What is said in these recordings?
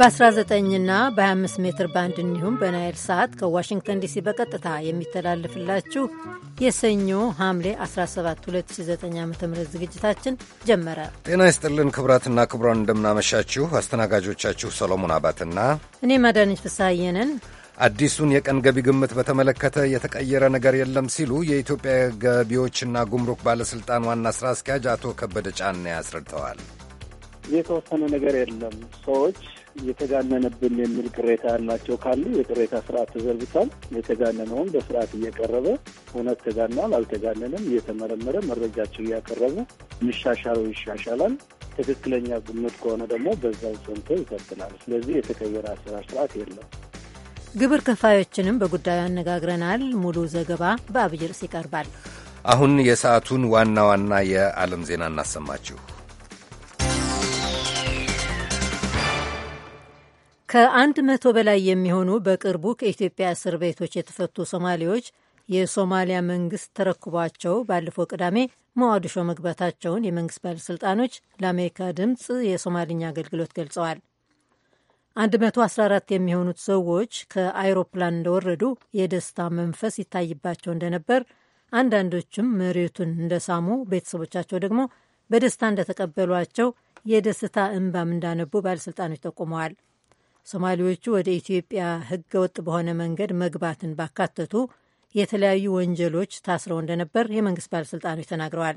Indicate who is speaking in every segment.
Speaker 1: በ19ና በ25 ሜትር ባንድ እንዲሁም በናይል ሰዓት ከዋሽንግተን ዲሲ በቀጥታ የሚተላልፍላችሁ የሰኞ ሐምሌ 17 2009 ዓ ም ዝግጅታችን ጀመረ።
Speaker 2: ጤና ይስጥልን ክቡራትና ክቡራን፣ እንደምናመሻችሁ። አስተናጋጆቻችሁ ሰሎሞን አባትና
Speaker 1: እኔ ማዳነች ፍስሐዬ ነን።
Speaker 2: አዲሱን የቀን ገቢ ግምት በተመለከተ የተቀየረ ነገር የለም ሲሉ የኢትዮጵያ ገቢዎችና ጉምሩክ ባለስልጣን ዋና ስራ አስኪያጅ አቶ ከበደ ጫኔ አስረድተዋል።
Speaker 3: የተወሰነ ነገር የለም ሰዎች የተጋነነብን የሚል ቅሬታ ያላቸው ካሉ የቅሬታ ስርዓት ተዘርግቷል። የተጋነነውን በስርዓት እየቀረበ እውነት ተጋኗል አልተጋነንም እየተመረመረ መረጃቸው እያቀረቡ ምሻሻሉ ይሻሻላል። ትክክለኛ ግምት ከሆነ ደግሞ በዛው ጽንቶ ይቀጥላል። ስለዚህ የተቀየረ አሰራር ስርዓት የለም።
Speaker 1: ግብር ከፋዮችንም በጉዳዩ አነጋግረናል። ሙሉ ዘገባ በአብይ ርዕስ ይቀርባል።
Speaker 2: አሁን የሰዓቱን ዋና ዋና የዓለም ዜና እናሰማችሁ።
Speaker 1: ከአንድ መቶ በላይ የሚሆኑ በቅርቡ ከኢትዮጵያ እስር ቤቶች የተፈቱ ሶማሌዎች የሶማሊያ መንግስት ተረክቧቸው ባለፈው ቅዳሜ ሞቃዲሾ መግባታቸውን የመንግስት ባለሥልጣኖች ለአሜሪካ ድምፅ የሶማልኛ አገልግሎት ገልጸዋል። 114 የሚሆኑት ሰዎች ከአይሮፕላን እንደወረዱ የደስታ መንፈስ ይታይባቸው እንደነበር፣ አንዳንዶችም መሬቱን እንደሳሙ፣ ቤተሰቦቻቸው ደግሞ በደስታ እንደተቀበሏቸው የደስታ እንባም እንዳነቡ ባለሥልጣኖች ጠቁመዋል። ሶማሌዎቹ ወደ ኢትዮጵያ ህገ ወጥ በሆነ መንገድ መግባትን ባካተቱ የተለያዩ ወንጀሎች ታስረው እንደነበር የመንግስት ባለሥልጣኖች ተናግረዋል።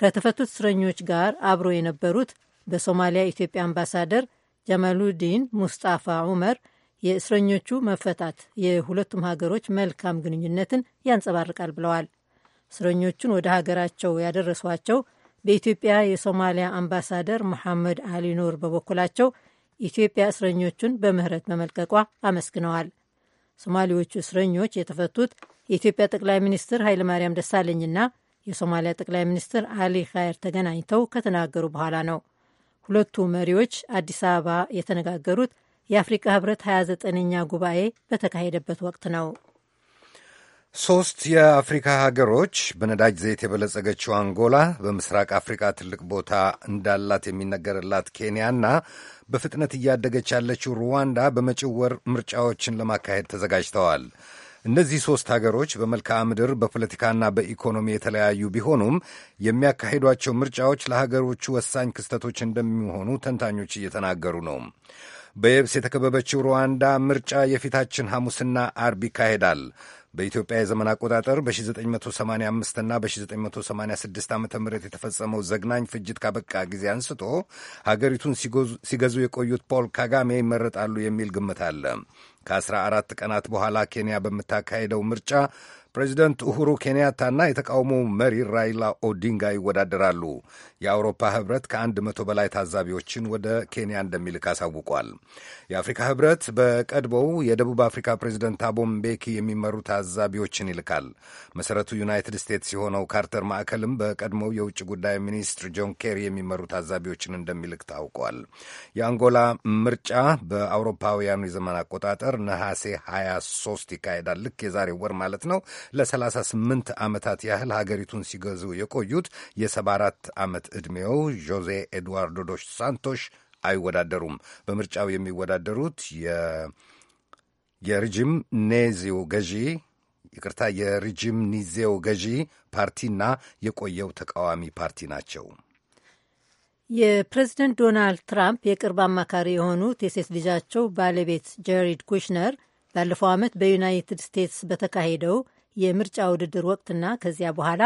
Speaker 1: ከተፈቱት እስረኞች ጋር አብረው የነበሩት በሶማሊያ የኢትዮጵያ አምባሳደር ጀማሉዲን ሙስጣፋ ዑመር የእስረኞቹ መፈታት የሁለቱም ሀገሮች መልካም ግንኙነትን ያንጸባርቃል ብለዋል። እስረኞቹን ወደ ሀገራቸው ያደረሷቸው በኢትዮጵያ የሶማሊያ አምባሳደር መሐመድ አሊ ኑር በበኩላቸው ኢትዮጵያ እስረኞቹን በምህረት በመልቀቋ አመስግነዋል። ሶማሌዎቹ እስረኞች የተፈቱት የኢትዮጵያ ጠቅላይ ሚኒስትር ኃይለማርያም ደሳለኝና የሶማሊያ ጠቅላይ ሚኒስትር አሊ ኻየር ተገናኝተው ከተናገሩ በኋላ ነው። ሁለቱ መሪዎች አዲስ አበባ የተነጋገሩት የአፍሪካ ህብረት 29ኛ ጉባኤ በተካሄደበት ወቅት ነው።
Speaker 2: ሶስት የአፍሪካ ሀገሮች በነዳጅ ዘይት የበለጸገችው አንጎላ፣ በምስራቅ አፍሪካ ትልቅ ቦታ እንዳላት የሚነገርላት ኬንያና በፍጥነት እያደገች ያለችው ሩዋንዳ በመጪው ወር ምርጫዎችን ለማካሄድ ተዘጋጅተዋል። እነዚህ ሦስት ሀገሮች በመልክዓ ምድር በፖለቲካና በኢኮኖሚ የተለያዩ ቢሆኑም የሚያካሂዷቸው ምርጫዎች ለሀገሮቹ ወሳኝ ክስተቶች እንደሚሆኑ ተንታኞች እየተናገሩ ነው። በየብስ የተከበበችው ሩዋንዳ ምርጫ የፊታችን ሐሙስና አርብ ይካሄዳል። በኢትዮጵያ የዘመን አቆጣጠር በ1985 እና በ1986 ዓ ም የተፈጸመው ዘግናኝ ፍጅት ካበቃ ጊዜ አንስቶ ሀገሪቱን ሲገዙ የቆዩት ፖል ካጋሜ ይመረጣሉ የሚል ግምት አለ። ከ14 ቀናት በኋላ ኬንያ በምታካሄደው ምርጫ ፕሬዚደንት ኡሁሩ ኬንያታና የተቃውሞ መሪ ራይላ ኦዲንጋ ይወዳደራሉ። የአውሮፓ ህብረት ከአንድ መቶ በላይ ታዛቢዎችን ወደ ኬንያ እንደሚልክ አሳውቋል። የአፍሪካ ህብረት በቀድሞው የደቡብ አፍሪካ ፕሬዚደንት ታቦ ምቤኪ የሚመሩ ታዛቢዎችን ይልካል። መሠረቱ ዩናይትድ ስቴትስ የሆነው ካርተር ማዕከልም በቀድሞው የውጭ ጉዳይ ሚኒስትር ጆን ኬሪ የሚመሩ ታዛቢዎችን እንደሚልክ ታውቋል። የአንጎላ ምርጫ በአውሮፓውያኑ የዘመን አቆጣጠር ነሐሴ 23 ይካሄዳል። ልክ የዛሬ ወር ማለት ነው። ለ38 ዓመታት ያህል ሀገሪቱን ሲገዙ የቆዩት የ74 ዓመት ዕድሜው ዦዜ ኤድዋርዶ ዶሽ ሳንቶሽ አይወዳደሩም። በምርጫው የሚወዳደሩት የሪጅም ኔዚው ገዢ ይቅርታ፣ የሪጅም ኒዜው ገዢ ፓርቲና የቆየው ተቃዋሚ ፓርቲ ናቸው።
Speaker 1: የፕሬዚደንት ዶናልድ ትራምፕ የቅርብ አማካሪ የሆኑት የሴት ልጃቸው ባለቤት ጀሪድ ኩሽነር ባለፈው ዓመት በዩናይትድ ስቴትስ በተካሄደው የምርጫ ውድድር ወቅትና ከዚያ በኋላ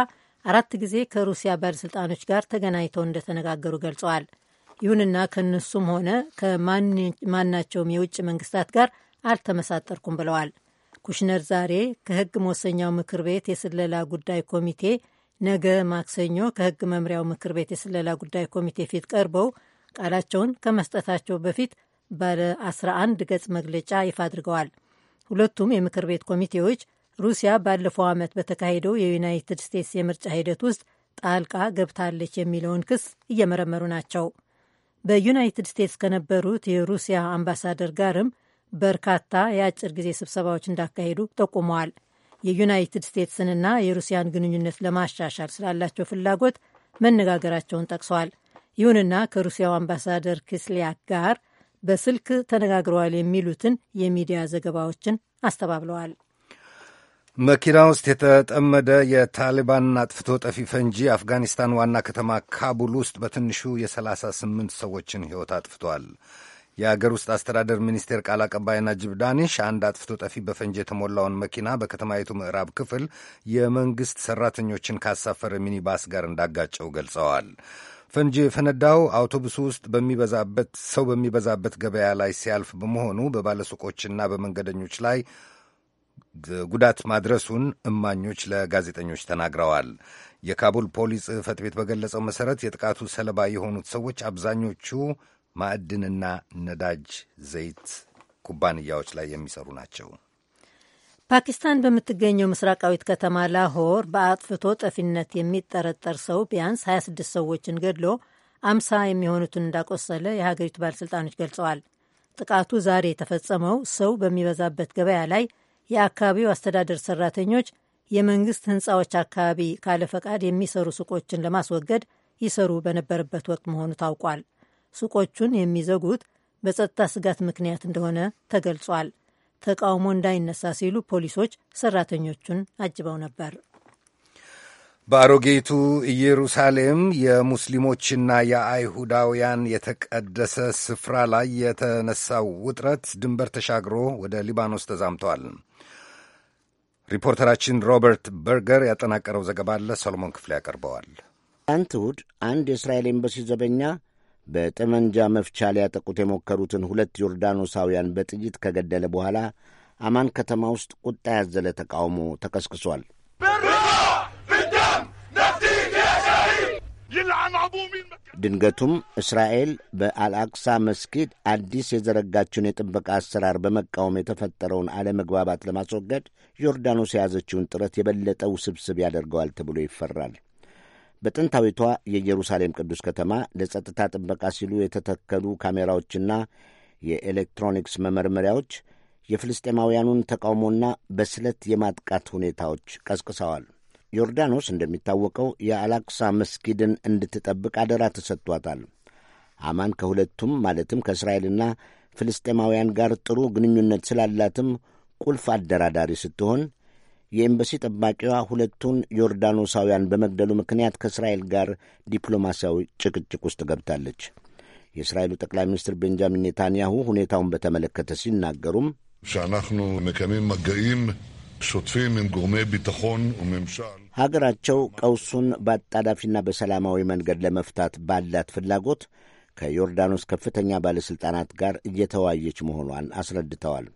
Speaker 1: አራት ጊዜ ከሩሲያ ባለሥልጣኖች ጋር ተገናኝተው እንደተነጋገሩ ገልጸዋል። ይሁንና ከእነሱም ሆነ ከማናቸውም የውጭ መንግስታት ጋር አልተመሳጠርኩም ብለዋል። ኩሽነር ዛሬ ከሕግ መወሰኛው ምክር ቤት የስለላ ጉዳይ ኮሚቴ ነገ ማክሰኞ ከሕግ መምሪያው ምክር ቤት የስለላ ጉዳይ ኮሚቴ ፊት ቀርበው ቃላቸውን ከመስጠታቸው በፊት ባለ 11 ገጽ መግለጫ ይፋ አድርገዋል። ሁለቱም የምክር ቤት ኮሚቴዎች ሩሲያ ባለፈው ዓመት በተካሄደው የዩናይትድ ስቴትስ የምርጫ ሂደት ውስጥ ጣልቃ ገብታለች የሚለውን ክስ እየመረመሩ ናቸው። በዩናይትድ ስቴትስ ከነበሩት የሩሲያ አምባሳደር ጋርም በርካታ የአጭር ጊዜ ስብሰባዎች እንዳካሄዱ ጠቁመዋል። የዩናይትድ ስቴትስንና የሩሲያን ግንኙነት ለማሻሻል ስላላቸው ፍላጎት መነጋገራቸውን ጠቅሰዋል። ይሁንና ከሩሲያው አምባሳደር ክስሊያክ ጋር በስልክ ተነጋግረዋል የሚሉትን የሚዲያ ዘገባዎችን አስተባብለዋል።
Speaker 2: መኪና ውስጥ የተጠመደ የታሊባን አጥፍቶ ጠፊ ፈንጂ አፍጋኒስታን ዋና ከተማ ካቡል ውስጥ በትንሹ የሰላሳ ስምንት ሰዎችን ሕይወት አጥፍቷል። የአገር ውስጥ አስተዳደር ሚኒስቴር ቃል አቀባይ ናጅብ ዳኒሽ አንድ አጥፍቶ ጠፊ በፈንጂ የተሞላውን መኪና በከተማይቱ ምዕራብ ክፍል የመንግሥት ሠራተኞችን ካሳፈረ ሚኒባስ ጋር እንዳጋጨው ገልጸዋል። ፈንጂ የፈነዳው አውቶቡስ ውስጥ በሚበዛበት ሰው በሚበዛበት ገበያ ላይ ሲያልፍ በመሆኑ በባለሱቆችና በመንገደኞች ላይ ጉዳት ማድረሱን እማኞች ለጋዜጠኞች ተናግረዋል። የካቡል ፖሊስ ጽሕፈት ቤት በገለጸው መሠረት የጥቃቱ ሰለባ የሆኑት ሰዎች አብዛኞቹ ማዕድንና ነዳጅ ዘይት ኩባንያዎች ላይ የሚሰሩ ናቸው።
Speaker 1: ፓኪስታን በምትገኘው ምስራቃዊት ከተማ ላሆር በአጥፍቶ ጠፊነት የሚጠረጠር ሰው ቢያንስ 26 ሰዎችን ገድሎ አምሳ የሚሆኑትን እንዳቆሰለ የሀገሪቱ ባለሥልጣኖች ገልጸዋል። ጥቃቱ ዛሬ የተፈጸመው ሰው በሚበዛበት ገበያ ላይ የአካባቢው አስተዳደር ሰራተኞች የመንግስት ህንፃዎች አካባቢ ካለ ፈቃድ የሚሰሩ ሱቆችን ለማስወገድ ይሰሩ በነበረበት ወቅት መሆኑ ታውቋል። ሱቆቹን የሚዘጉት በጸጥታ ስጋት ምክንያት እንደሆነ ተገልጿል። ተቃውሞ እንዳይነሳ ሲሉ ፖሊሶች ሰራተኞቹን አጅበው ነበር።
Speaker 2: በአሮጌቱ ኢየሩሳሌም የሙስሊሞችና የአይሁዳውያን የተቀደሰ ስፍራ ላይ የተነሳው ውጥረት ድንበር ተሻግሮ ወደ ሊባኖስ ተዛምተዋል።
Speaker 4: ሪፖርተራችን ሮበርት በርገር ያጠናቀረው ዘገባ አለ። ሰሎሞን ክፍሌ ያቀርበዋል። አንት እሁድ አንድ የእስራኤል ኤምባሲ ዘበኛ በጠመንጃ መፍቻ ሊያጠቁት የሞከሩትን ሁለት ዮርዳኖሳውያን በጥይት ከገደለ በኋላ አማን ከተማ ውስጥ ቁጣ ያዘለ ተቃውሞ ተቀስቅሷል። ድንገቱም እስራኤል በአልአቅሳ መስጊድ አዲስ የዘረጋችውን የጥበቃ አሰራር በመቃወም የተፈጠረውን አለመግባባት ለማስወገድ ዮርዳኖስ የያዘችውን ጥረት የበለጠ ውስብስብ ያደርገዋል ተብሎ ይፈራል። በጥንታዊቷ የኢየሩሳሌም ቅዱስ ከተማ ለጸጥታ ጥበቃ ሲሉ የተተከሉ ካሜራዎችና የኤሌክትሮኒክስ መመርመሪያዎች የፍልስጤማውያኑን ተቃውሞና በስለት የማጥቃት ሁኔታዎች ቀስቅሰዋል። ዮርዳኖስ እንደሚታወቀው የአላክሳ መስጊድን እንድትጠብቅ አደራ ተሰጥቷታል። አማን ከሁለቱም ማለትም ከእስራኤልና ፍልስጤማውያን ጋር ጥሩ ግንኙነት ስላላትም ቁልፍ አደራዳሪ ስትሆን የኤምባሲ ጠባቂዋ ሁለቱን ዮርዳኖሳውያን በመግደሉ ምክንያት ከእስራኤል ጋር ዲፕሎማሲያዊ ጭቅጭቅ ውስጥ ገብታለች። የእስራኤሉ ጠቅላይ ሚኒስትር ቤንጃሚን ኔታንያሁ ሁኔታውን በተመለከተ ሲናገሩም ሻናኑ መቀሚም መገኢም שוטפים עם ጎርሜ ቢተኾን וממשל ሀገራቸው ቀውሱን በአጣዳፊና በሰላማዊ መንገድ ለመፍታት ባላት ፍላጎት ከዮርዳኖስ ከፍተኛ ባለሥልጣናት ጋር እየተወያየች መሆኗን አስረድተዋል።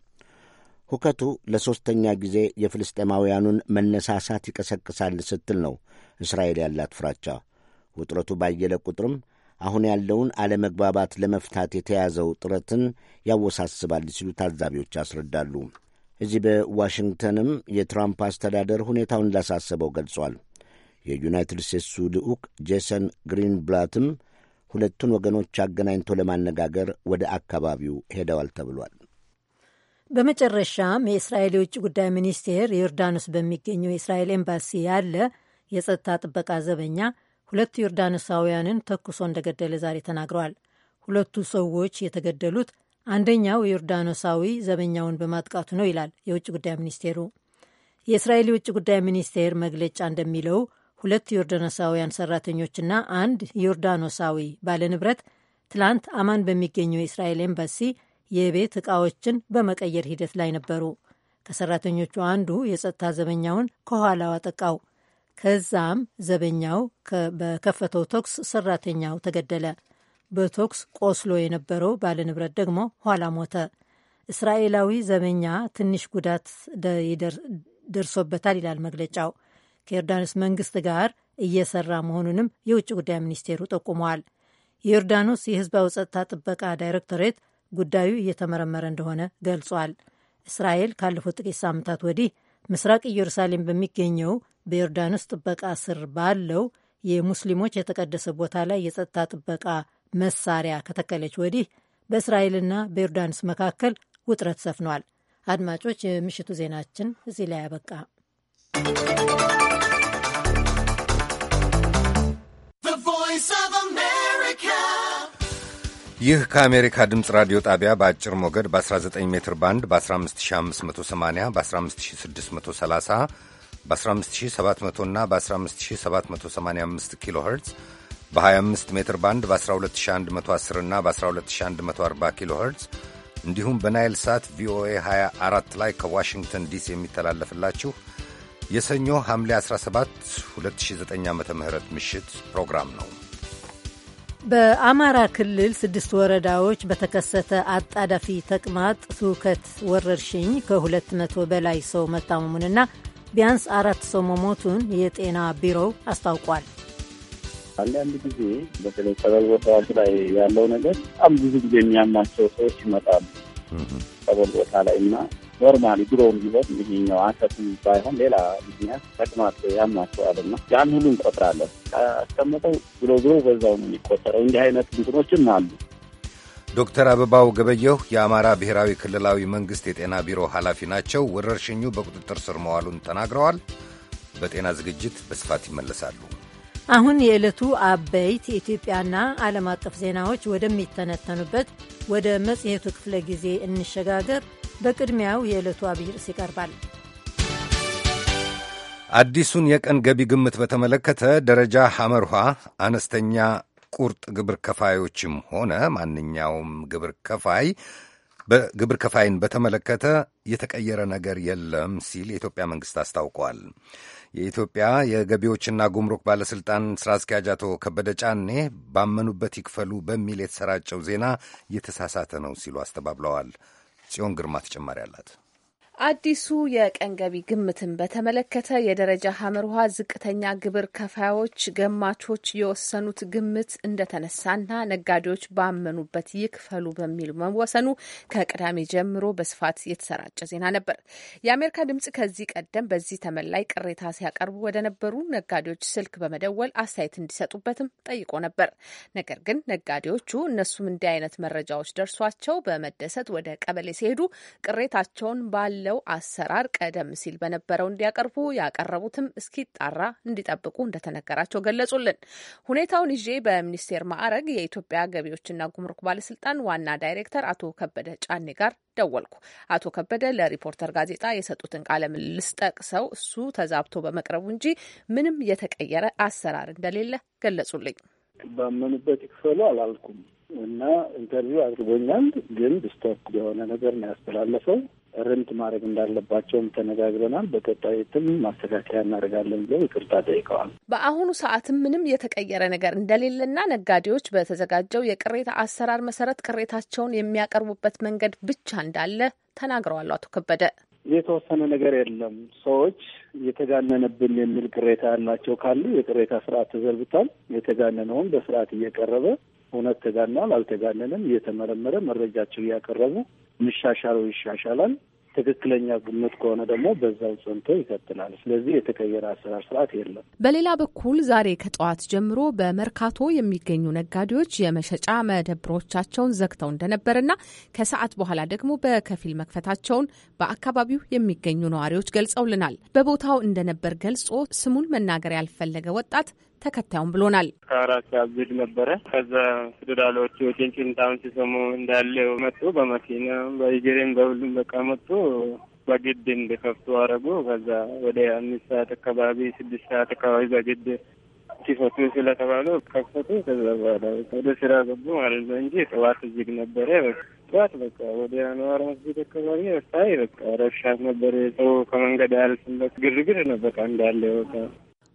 Speaker 4: ሁከቱ ለሦስተኛ ጊዜ የፍልስጤማውያኑን መነሳሳት ይቀሰቅሳል ስትል ነው እስራኤል ያላት ፍራቻ። ውጥረቱ ባየለ ቁጥርም አሁን ያለውን አለመግባባት ለመፍታት የተያዘው ጥረትን ያወሳስባል ሲሉ ታዛቢዎች ያስረዳሉ። እዚህ በዋሽንግተንም የትራምፕ አስተዳደር ሁኔታውን እንዳሳሰበው ገልጿል። የዩናይትድ ስቴትሱ ልዑክ ጄሰን ግሪንብላትም ሁለቱን ወገኖች አገናኝቶ ለማነጋገር ወደ አካባቢው ሄደዋል ተብሏል።
Speaker 1: በመጨረሻም የእስራኤል የውጭ ጉዳይ ሚኒስቴር ዮርዳኖስ በሚገኘው የእስራኤል ኤምባሲ ያለ የጸጥታ ጥበቃ ዘበኛ ሁለት ዮርዳኖሳውያንን ተኩሶ እንደገደለ ዛሬ ተናግረዋል። ሁለቱ ሰዎች የተገደሉት አንደኛው ዮርዳኖሳዊ ዘበኛውን በማጥቃቱ ነው ይላል የውጭ ጉዳይ ሚኒስቴሩ። የእስራኤል የውጭ ጉዳይ ሚኒስቴር መግለጫ እንደሚለው ሁለት ዮርዳኖሳውያን ሰራተኞችና አንድ ዮርዳኖሳዊ ባለንብረት ትላንት አማን በሚገኘው የእስራኤል ኤምባሲ የቤት ዕቃዎችን በመቀየር ሂደት ላይ ነበሩ። ከሰራተኞቹ አንዱ የጸጥታ ዘበኛውን ከኋላው አጠቃው። ከዛም ዘበኛው በከፈተው ተኩስ ሰራተኛው ተገደለ። በተኩስ ቆስሎ የነበረው ባለንብረት ደግሞ ኋላ ሞተ። እስራኤላዊ ዘበኛ ትንሽ ጉዳት ደርሶበታል ይላል መግለጫው። ከዮርዳኖስ መንግስት ጋር እየሰራ መሆኑንም የውጭ ጉዳይ ሚኒስቴሩ ጠቁመዋል። የዮርዳኖስ የህዝባዊ ጸጥታ ጥበቃ ዳይሬክቶሬት ጉዳዩ እየተመረመረ እንደሆነ ገልጿል። እስራኤል ካለፉት ጥቂት ሳምንታት ወዲህ ምስራቅ ኢየሩሳሌም በሚገኘው በዮርዳኖስ ጥበቃ ስር ባለው የሙስሊሞች የተቀደሰ ቦታ ላይ የጸጥታ ጥበቃ መሳሪያ ከተከለች ወዲህ በእስራኤልና በዮርዳንስ መካከል ውጥረት ሰፍኗል። አድማጮች፣ የምሽቱ ዜናችን እዚህ ላይ አበቃ።
Speaker 2: ይህ ከአሜሪካ ድምፅ ራዲዮ ጣቢያ በአጭር ሞገድ በ19 ሜትር ባንድ በ15580 በ15630 በ15700 እና በ15785 ኪሎ ኸርትዝ በ25 ሜትር ባንድ በ12110 እና በ12140 ኪሎ ኸርትዝ እንዲሁም በናይል ሳት ቪኦኤ 24 ላይ ከዋሽንግተን ዲሲ የሚተላለፍላችሁ የሰኞ ሐምሌ 17 2009 ዓ ም ምሽት ፕሮግራም ነው።
Speaker 1: በአማራ ክልል ስድስት ወረዳዎች በተከሰተ አጣዳፊ ተቅማጥ፣ ትውከት ወረርሽኝ ከ200 በላይ ሰው መታመሙንና ቢያንስ አራት ሰው መሞቱን የጤና ቢሮው አስታውቋል።
Speaker 3: አንዳንድ ጊዜ በተለይ ጸበል ቦታዎች ላይ ያለው ነገር በጣም ብዙ ጊዜ የሚያማቸው ሰዎች ይመጣሉ ጸበል ቦታ ላይ እና ኖርማሊ ድሮውም ቢሆን ይሄኛው አሰት ባይሆን ሌላ ምክንያት ተቅማጥ ያማቸዋልና ያን ሁሉ እንቆጥራለን። አስቀምጠው ብሎ ብሎ በዛው ነው የሚቆጠረው። እንዲህ አይነት እንትኖችም አሉ።
Speaker 2: ዶክተር አበባው ገበየሁ የአማራ ብሔራዊ ክልላዊ መንግሥት የጤና ቢሮ ኃላፊ ናቸው። ወረርሽኙ በቁጥጥር ስር መዋሉን ተናግረዋል። በጤና ዝግጅት በስፋት ይመለሳሉ።
Speaker 1: አሁን የዕለቱ አበይት የኢትዮጵያና ዓለም አቀፍ ዜናዎች ወደሚተነተኑበት ወደ መጽሔቱ ክፍለ ጊዜ እንሸጋገር። በቅድሚያው የዕለቱ አብይ ርዕስ ይቀርባል።
Speaker 2: አዲሱን የቀን ገቢ ግምት በተመለከተ ደረጃ ሐመርኋ አነስተኛ ቁርጥ ግብር ከፋዮችም ሆነ ማንኛውም ግብር ከፋይ በግብር ከፋይን በተመለከተ የተቀየረ ነገር የለም ሲል የኢትዮጵያ መንግሥት አስታውቋል። የኢትዮጵያ የገቢዎችና ጉምሩክ ባለሥልጣን ሥራ አስኪያጅ አቶ ከበደ ጫኔ ባመኑበት ይክፈሉ በሚል የተሰራጨው ዜና የተሳሳተ ነው ሲሉ አስተባብለዋል። ጽዮን ግርማ ተጨማሪ አላት።
Speaker 5: አዲሱ የቀን ገቢ ግምትን በተመለከተ የደረጃ ሀመርሃ ዝቅተኛ ግብር ከፋዮች ገማቾች የወሰኑት ግምት እንደተነሳና ነጋዴዎች ባመኑበት ይክፈሉ በሚል መወሰኑ ከቅዳሜ ጀምሮ በስፋት የተሰራጨ ዜና ነበር። የአሜሪካ ድምጽ ከዚህ ቀደም በዚህ ተመን ላይ ቅሬታ ሲያቀርቡ ወደ ነበሩ ነጋዴዎች ስልክ በመደወል አስተያየት እንዲሰጡበትም ጠይቆ ነበር። ነገር ግን ነጋዴዎቹ እነሱም እንዲህ አይነት መረጃዎች ደርሷቸው በመደሰት ወደ ቀበሌ ሲሄዱ ቅሬታቸውን ባለ ባለው አሰራር ቀደም ሲል በነበረው እንዲያቀርቡ ያቀረቡትም እስኪጣራ እንዲጠብቁ እንደተነገራቸው ገለጹልን። ሁኔታውን ይዤ በሚኒስቴር ማዕረግ የኢትዮጵያ ገቢዎችና ጉምሩክ ባለስልጣን ዋና ዳይሬክተር አቶ ከበደ ጫኔ ጋር ደወልኩ። አቶ ከበደ ለሪፖርተር ጋዜጣ የሰጡትን ቃለ ምልልስ ጠቅሰው እሱ ተዛብቶ በመቅረቡ እንጂ ምንም የተቀየረ አሰራር እንደሌለ ገለጹልኝ።
Speaker 3: ባመኑበት ይክፈሉ አላልኩም እና ኢንተርቪው አድርጎኛል፣ ግን ብስቶክ የሆነ ነገር ነው ያስተላለፈው። ርምት ማድረግ እንዳለባቸውም ተነጋግረናል። በቀጣይትም ማስተካከያ እናደርጋለን ብለው ይቅርታ ጠይቀዋል።
Speaker 5: በአሁኑ ሰዓትም ምንም የተቀየረ ነገር እንደሌለና ነጋዴዎች በተዘጋጀው የቅሬታ አሰራር መሰረት ቅሬታቸውን የሚያቀርቡበት መንገድ ብቻ እንዳለ ተናግረዋል። አቶ ከበደ
Speaker 3: የተወሰነ ነገር የለም። ሰዎች የተጋነነብን የሚል ቅሬታ ያላቸው ካሉ የቅሬታ ስርዓት ተዘርብቷል። የተጋነነውን በስርዓት እየቀረበ እውነት ተጋናል አልተጋነንም እየተመረመረ መረጃቸው እያቀረቡ የሚሻሻለው ይሻሻላል። ትክክለኛ ግምት ከሆነ ደግሞ በዛው ጸንቶ ይቀጥላል። ስለዚህ የተቀየረ አሰራር ስርዓት የለም።
Speaker 5: በሌላ በኩል ዛሬ ከጠዋት ጀምሮ በመርካቶ የሚገኙ ነጋዴዎች የመሸጫ መደብሮቻቸውን ዘግተው እንደነበርና ከሰዓት በኋላ ደግሞ በከፊል መክፈታቸውን በአካባቢው የሚገኙ ነዋሪዎች ገልጸውልናል። በቦታው እንደነበር ገልጾ ስሙን መናገር ያልፈለገ ወጣት ተከታዩም ብሎናል።
Speaker 3: ከአራት ሰዓት ነበረ። ከዛ ፌዴራሎቹ ጭንጭን ታውን ሲሰሙ እንዳለው መጡ። በመኪና በእግርም በሁሉም በቃ መጡ። በግድ እንደከፍቱ አረጉ። ከዛ ወደ አምስት ሰዓት አካባቢ ስድስት ሰዓት አካባቢ በግድ ሲፈቱ ስለተባሉ ከፈቱ። ከዛ በኋላ ወደ ስራ ገቡ ማለት ነው እንጂ ጠዋት ዝግ ነበረ። ጠዋት በቃ ወደ ነዋር መስጊድ አካባቢ ሳይ በቃ ረብሻት ነበረ። ሰው ከመንገድ አያልፍም። ግርግር ነው በቃ እንዳለ በቃ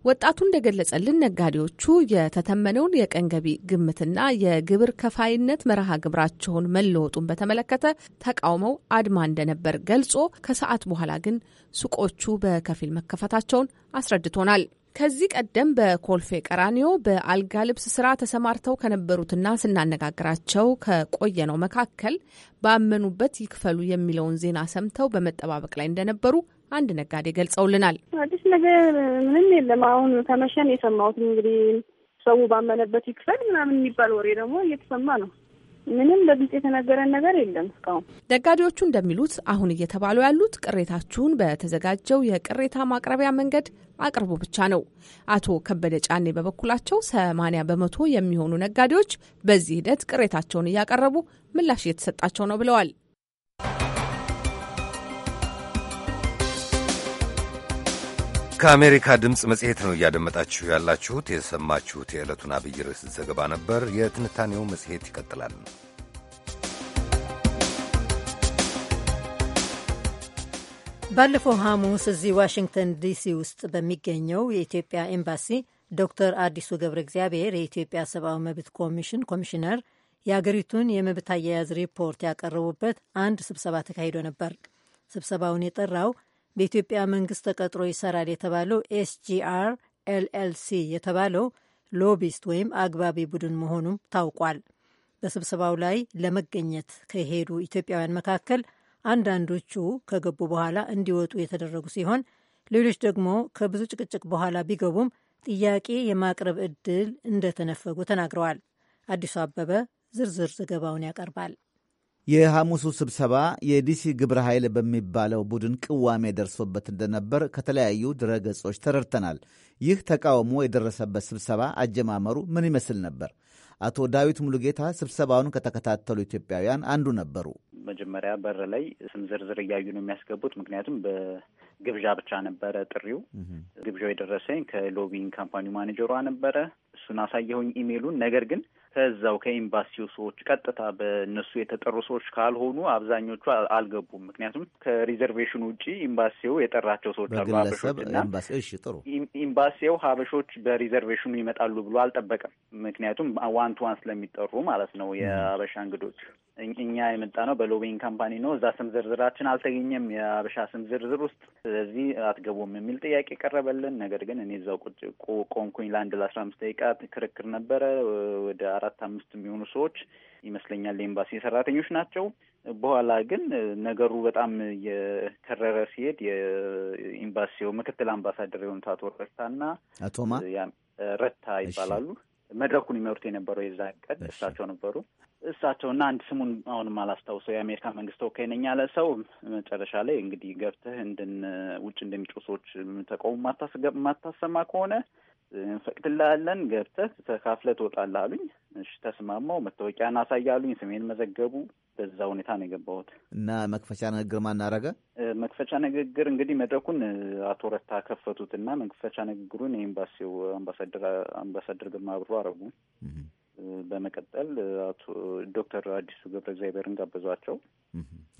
Speaker 5: ወጣቱ እንደገለጸልን ነጋዴዎቹ የተተመነውን የቀን ገቢ ግምትና የግብር ከፋይነት መርሃ ግብራቸውን መለወጡን በተመለከተ ተቃውመው አድማ እንደነበር ገልጾ ከሰዓት በኋላ ግን ሱቆቹ በከፊል መከፈታቸውን አስረድቶናል። ከዚህ ቀደም በኮልፌ ቀራኒዮ በአልጋ ልብስ ስራ ተሰማርተው ከነበሩትና ስናነጋግራቸው ከቆየነው መካከል ባመኑበት ይክፈሉ የሚለውን ዜና ሰምተው በመጠባበቅ ላይ እንደነበሩ አንድ ነጋዴ ገልጸውልናል።
Speaker 6: አዲስ ነገር ምንም የለም። አሁን ከመሸን የሰማሁት እንግዲህ
Speaker 5: ሰው ባመነበት ይክፈል ምናምን የሚባል ወሬ ደግሞ እየተሰማ ነው። ምንም በግልጽ የተነገረን ነገር የለም እስካሁን። ነጋዴዎቹ እንደሚሉት አሁን እየተባሉ ያሉት ቅሬታችሁን በተዘጋጀው የቅሬታ ማቅረቢያ መንገድ አቅርቡ ብቻ ነው። አቶ ከበደ ጫኔ በበኩላቸው ሰማንያ በመቶ የሚሆኑ ነጋዴዎች በዚህ ሂደት ቅሬታቸውን እያቀረቡ ምላሽ እየተሰጣቸው ነው ብለዋል።
Speaker 2: ከአሜሪካ ድምፅ መጽሔት ነው እያደመጣችሁ ያላችሁት። የሰማችሁት የዕለቱን አብይ ርዕስ ዘገባ ነበር። የትንታኔው መጽሔት ይቀጥላል።
Speaker 1: ባለፈው ሐሙስ እዚህ ዋሽንግተን ዲሲ ውስጥ በሚገኘው የኢትዮጵያ ኤምባሲ ዶክተር አዲሱ ገብረ እግዚአብሔር የኢትዮጵያ ሰብአዊ መብት ኮሚሽን ኮሚሽነር የአገሪቱን የመብት አያያዝ ሪፖርት ያቀረቡበት አንድ ስብሰባ ተካሂዶ ነበር። ስብሰባውን የጠራው በኢትዮጵያ መንግስት ተቀጥሮ ይሰራል የተባለው ኤስጂአር ኤልኤልሲ የተባለው ሎቢስት ወይም አግባቢ ቡድን መሆኑም ታውቋል። በስብሰባው ላይ ለመገኘት ከሄዱ ኢትዮጵያውያን መካከል አንዳንዶቹ ከገቡ በኋላ እንዲወጡ የተደረጉ ሲሆን ሌሎች ደግሞ ከብዙ ጭቅጭቅ በኋላ ቢገቡም ጥያቄ የማቅረብ እድል እንደተነፈጉ ተናግረዋል። አዲሱ አበበ ዝርዝር ዘገባውን ያቀርባል።
Speaker 7: የሐሙሱ ስብሰባ የዲሲ ግብረ ኃይል በሚባለው ቡድን ቅዋሜ ደርሶበት እንደነበር ከተለያዩ ድረገጾች ተረድተናል። ይህ ተቃውሞ የደረሰበት ስብሰባ አጀማመሩ ምን ይመስል ነበር? አቶ ዳዊት ሙሉጌታ ስብሰባውን ከተከታተሉ ኢትዮጵያውያን አንዱ ነበሩ።
Speaker 8: መጀመሪያ በር ላይ ስም ዝርዝር እያዩ ነው የሚያስገቡት። ምክንያቱም በግብዣ ብቻ ነበረ ጥሪው። ግብዣው የደረሰኝ ከሎቢንግ ካምፓኒ ማኔጀሯ ነበረ። እሱን አሳየሁኝ ኢሜሉን። ነገር ግን ከዛው ከኤምባሲው ሰዎች ቀጥታ በእነሱ የተጠሩ ሰዎች ካልሆኑ አብዛኞቹ አልገቡም። ምክንያቱም ከሪዘርቬሽን ውጪ ኤምባሲው የጠራቸው ሰዎች አሉ። ጥሩ ኤምባሲው ሀበሾች በሪዘርቬሽኑ ይመጣሉ ብሎ አልጠበቀም። ምክንያቱም ዋን ቱ ዋን ስለሚጠሩ ማለት ነው የሀበሻ እንግዶች እኛ የመጣ ነው በሎቤን ካምፓኒ ነው። እዛ ስም ዝርዝራችን አልተገኘም የሀበሻ ስም ዝርዝር ውስጥ። ስለዚህ አትገቡም የሚል ጥያቄ ቀረበልን። ነገር ግን እኔ እዛው ቁጭ ቆንኩኝ ለአንድ ለአስራ አምስት ደቂቃ ክርክር ነበረ ወደ አራት አምስት የሚሆኑ ሰዎች ይመስለኛል የኤምባሲ ሰራተኞች ናቸው። በኋላ ግን ነገሩ በጣም የከረረ ሲሄድ የኤምባሲው ምክትል አምባሳደር የሆኑት አቶ ረታና አቶማ ረታ ይባላሉ መድረኩን የሚመሩት የነበረው የዛ ቀን እሳቸው ነበሩ። እሳቸውና አንድ ስሙን አሁንም አላስታውሰው የአሜሪካ መንግስት ተወካይ ነኝ ያለ ሰው መጨረሻ ላይ እንግዲህ ገብተህ እንድን ውጭ እንደሚጮ ሰዎች ተቃውሞ ማታሰማ ከሆነ እንፈቅድልሃለን ገብተህ ተካፍለህ ትወጣለህ አሉኝ። እሺ ተስማማው። መታወቂያ አሳያሉኝ፣ ስሜን መዘገቡ። በዛ ሁኔታ ነው የገባሁት።
Speaker 7: እና መክፈቻ ንግግር ማናረገ
Speaker 8: መክፈቻ ንግግር እንግዲህ መድረኩን አቶ ረታ ከፈቱት እና መክፈቻ ንግግሩን የኤምባሲው አምባሳደር ግርማ ብሩ አረጉ። በመቀጠል አቶ ዶክተር አዲሱ ገብረ እግዚአብሔርን ጋበዟቸው።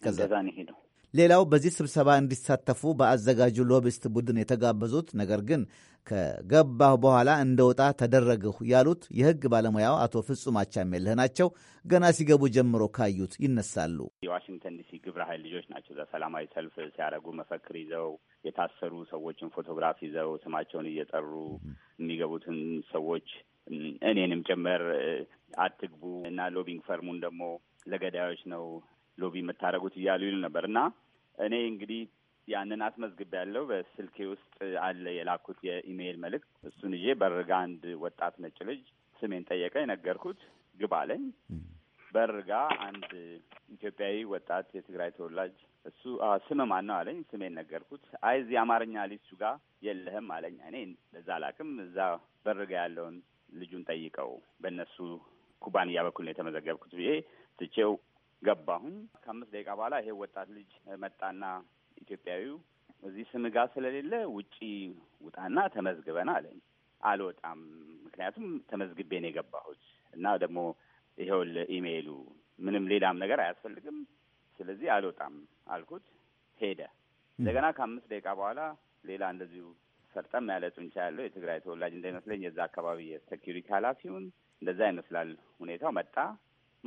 Speaker 8: ከዛ ነው ሄደው
Speaker 7: ሌላው በዚህ ስብሰባ እንዲሳተፉ በአዘጋጁ ሎቢስት ቡድን የተጋበዙት ነገር ግን ከገባሁ በኋላ እንደወጣ ተደረግሁ ያሉት የህግ ባለሙያው አቶ ፍጹም አቻሜልህ ናቸው። ገና ሲገቡ ጀምሮ ካዩት ይነሳሉ።
Speaker 9: የዋሽንግተን ዲሲ ግብረ ኃይል ልጆች ናቸው። ሰላማዊ ሰልፍ ሲያደርጉ መፈክር ይዘው የታሰሩ ሰዎችን ፎቶግራፍ ይዘው ስማቸውን እየጠሩ የሚገቡትን ሰዎች እኔንም ጭምር አትግቡ እና ሎቢንግ ፈርሙን ደግሞ ለገዳዮች ነው ሎቢ የምታደርጉት እያሉ ይሉ ነበር እና እኔ እንግዲህ ያንን አስመዝግብ ያለው በስልኬ ውስጥ አለ የላኩት የኢሜይል መልእክት። እሱን ይዤ በርጋ አንድ ወጣት ነጭ ልጅ ስሜን ጠየቀ፣ የነገርኩት ግባ አለኝ። በርጋ አንድ ኢትዮጵያዊ ወጣት የትግራይ ተወላጅ እሱ ስም ማን ነው አለኝ። ስሜን ነገርኩት። አይ እዚህ አማርኛ ሊስቱ ጋር የለህም አለኝ። እኔ እዛ አላቅም፣ እዛ በርጋ ያለውን ልጁን ጠይቀው፣ በእነሱ ኩባንያ በኩል ነው የተመዘገብኩት ብዬ ትቼው ገባሁኝ። ከአምስት ደቂቃ በኋላ ይሄ ወጣት ልጅ መጣና ኢትዮጵያዊው እዚህ ስም ጋር ስለሌለ ውጪ ውጣና ተመዝግበን አለኝ። አልወጣም፣ ምክንያቱም ተመዝግቤ ነው የገባሁት እና ደግሞ ይኸውል ኢሜይሉ ምንም ሌላም ነገር አያስፈልግም፣ ስለዚህ አልወጣም አልኩት። ሄደ። እንደገና ከአምስት ደቂቃ በኋላ ሌላ እንደዚሁ ፈርጠም ያለ ጡንቻ ያለው የትግራይ ተወላጅ እንዳይመስለኝ የዛ አካባቢ የሴኪሪቲ ኃላፊውን እንደዛ ይመስላል ሁኔታው መጣ።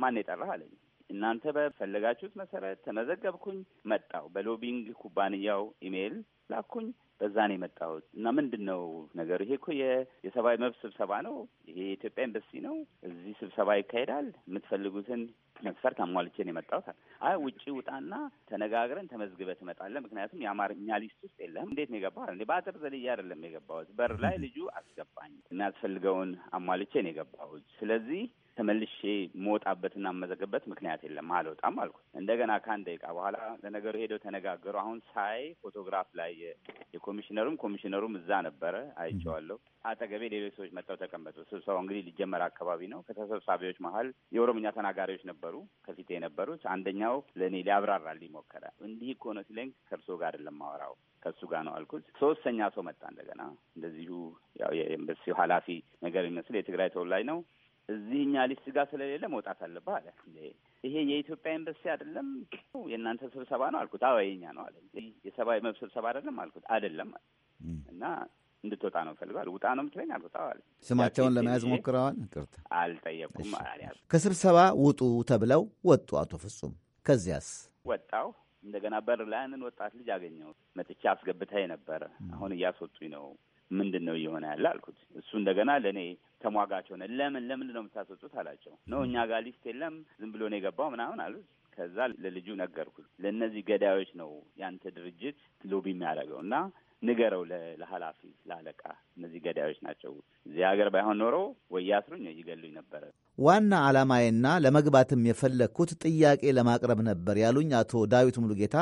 Speaker 9: ማን የጠራህ አለኝ። እናንተ በፈለጋችሁት መሰረት ተመዘገብኩኝ፣ መጣው በሎቢንግ ኩባንያው ኢሜይል ላኩኝ፣ በዛ ነው የመጣሁት። እና ምንድን ነው ነገሩ? ይሄ እኮ የሰብአዊ መብት ስብሰባ ነው። ይሄ የኢትዮጵያ ኤምበሲ ነው። እዚህ ስብሰባ ይካሄዳል። የምትፈልጉትን መስፈርት አሟልቼ ነው የመጣሁት። አይ ውጭ ውጣና ተነጋግረን ተመዝግበህ ትመጣለህ። ምክንያቱም የአማርኛ ሊስት ውስጥ የለህም። እንዴት ነው የገባሁት? እንዴ በአጥር ዘልዬ አይደለም የገባሁት። በር ላይ ልጁ አስገባኝ። የሚያስፈልገውን አሟልቼ ነው የገባሁት። ስለዚህ ተመልሼ መወጣበትና መዘገበት ምክንያት የለም። አልወጣም አልኩ። እንደገና ከአንድ ደቂቃ በኋላ ለነገሩ ሄደው ተነጋገሩ። አሁን ሳይ ፎቶግራፍ ላይ የኮሚሽነሩም ኮሚሽነሩም እዛ ነበረ አይቼዋለሁ። አጠገቤ ሌሎች ሰዎች መጥተው ተቀመጡ። ስብሰባው እንግዲህ ሊጀመር አካባቢ ነው። ከተሰብሳቢዎች መሀል የኦሮምኛ ተናጋሪዎች ነበሩ፣ ከፊት የነበሩት። አንደኛው ለእኔ ሊያብራራልኝ ሞከረ። እንዲህ እኮ ነው ሲለኝ ከእርሶ ጋር አይደለም ማወራው ጋር ነው አልኩት። ሶስተኛ ሰው መጣ። እንደገና እንደዚሁ የኤምበሲው ኃላፊ ነገር ይመስል የትግራይ ተወላጅ ነው። እዚህኛ ሊስት ጋር ስለሌለ መውጣት አለብህ አለ። ይሄ የኢትዮጵያ ኤምበሲ አይደለም የእናንተ ስብሰባ ነው አልኩት። አዎ የኛ ነው አለ። የሰብአዊ መብት ስብሰባ አይደለም አልኩት። አይደለም እና እንድትወጣ ነው ፈልገዋል። ውጣ ነው የምትለኝ አልወጣ አለ። ስማቸውን ለመያዝ ሞክረዋል። ቅርት አልጠየቁም።
Speaker 7: ከስብሰባ ውጡ ተብለው ወጡ። አቶ ፍጹም ከዚያስ
Speaker 9: ወጣው። እንደገና በር ላይ ያንን ወጣት ልጅ አገኘው። መጥቼ አስገብታይ ነበረ። አሁን እያስወጡኝ ነው ምንድን ነው እየሆነ ያለ አልኩት። እሱ እንደገና ለእኔ ተሟጋች ሆነ። ለምን ለምንድን ነው የምታስወጡት አላቸው። ነው እኛ ጋር ሊስት የለም ዝም ብሎ ነው የገባው ምናምን አሉት። ከዛ ለልጁ ነገርኩት። ለእነዚህ ገዳዮች ነው ያንተ ድርጅት ሎቢ የሚያደርገው እና ንገረው ለኃላፊ ለአለቃ እነዚህ ገዳዮች ናቸው። እዚህ ሀገር ባይሆን ኖሮ ወይ ያስሩኝ ይገሉኝ ነበረ።
Speaker 7: ዋና ዓላማዬና ለመግባትም የፈለግኩት ጥያቄ ለማቅረብ ነበር ያሉኝ አቶ ዳዊት ሙሉጌታ፣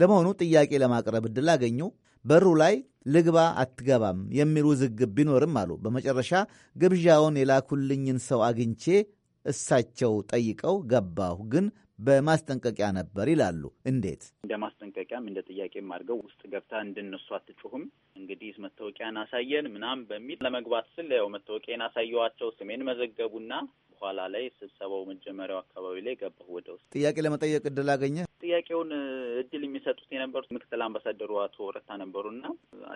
Speaker 7: ለመሆኑ ጥያቄ ለማቅረብ እድል አገኙ? በሩ ላይ ልግባ አትገባም የሚል ውዝግብ ቢኖርም አሉ፣ በመጨረሻ ግብዣውን የላኩልኝን ሰው አግኝቼ እሳቸው ጠይቀው ገባሁ፣ ግን በማስጠንቀቂያ ነበር ይላሉ። እንዴት
Speaker 8: እንደ ማስጠንቀቂያም እንደ ጥያቄም አድርገው ውስጥ ገብታ እንድንሱ አትጩሁም፣ እንግዲህ መታወቂያን አሳየን ምናምን በሚል ለመግባት ስል ያው መታወቂያን አሳየዋቸው ስሜን መዘገቡና በኋላ ላይ ስብሰባው መጀመሪያው አካባቢ ላይ ገባሁ ወደ ውስጥ።
Speaker 7: ጥያቄ ለመጠየቅ እድል አገኘ።
Speaker 8: ጥያቄውን እድል የሚሰጡት የነበሩት ምክትል አምባሳደሩ አቶ ረታ ነበሩና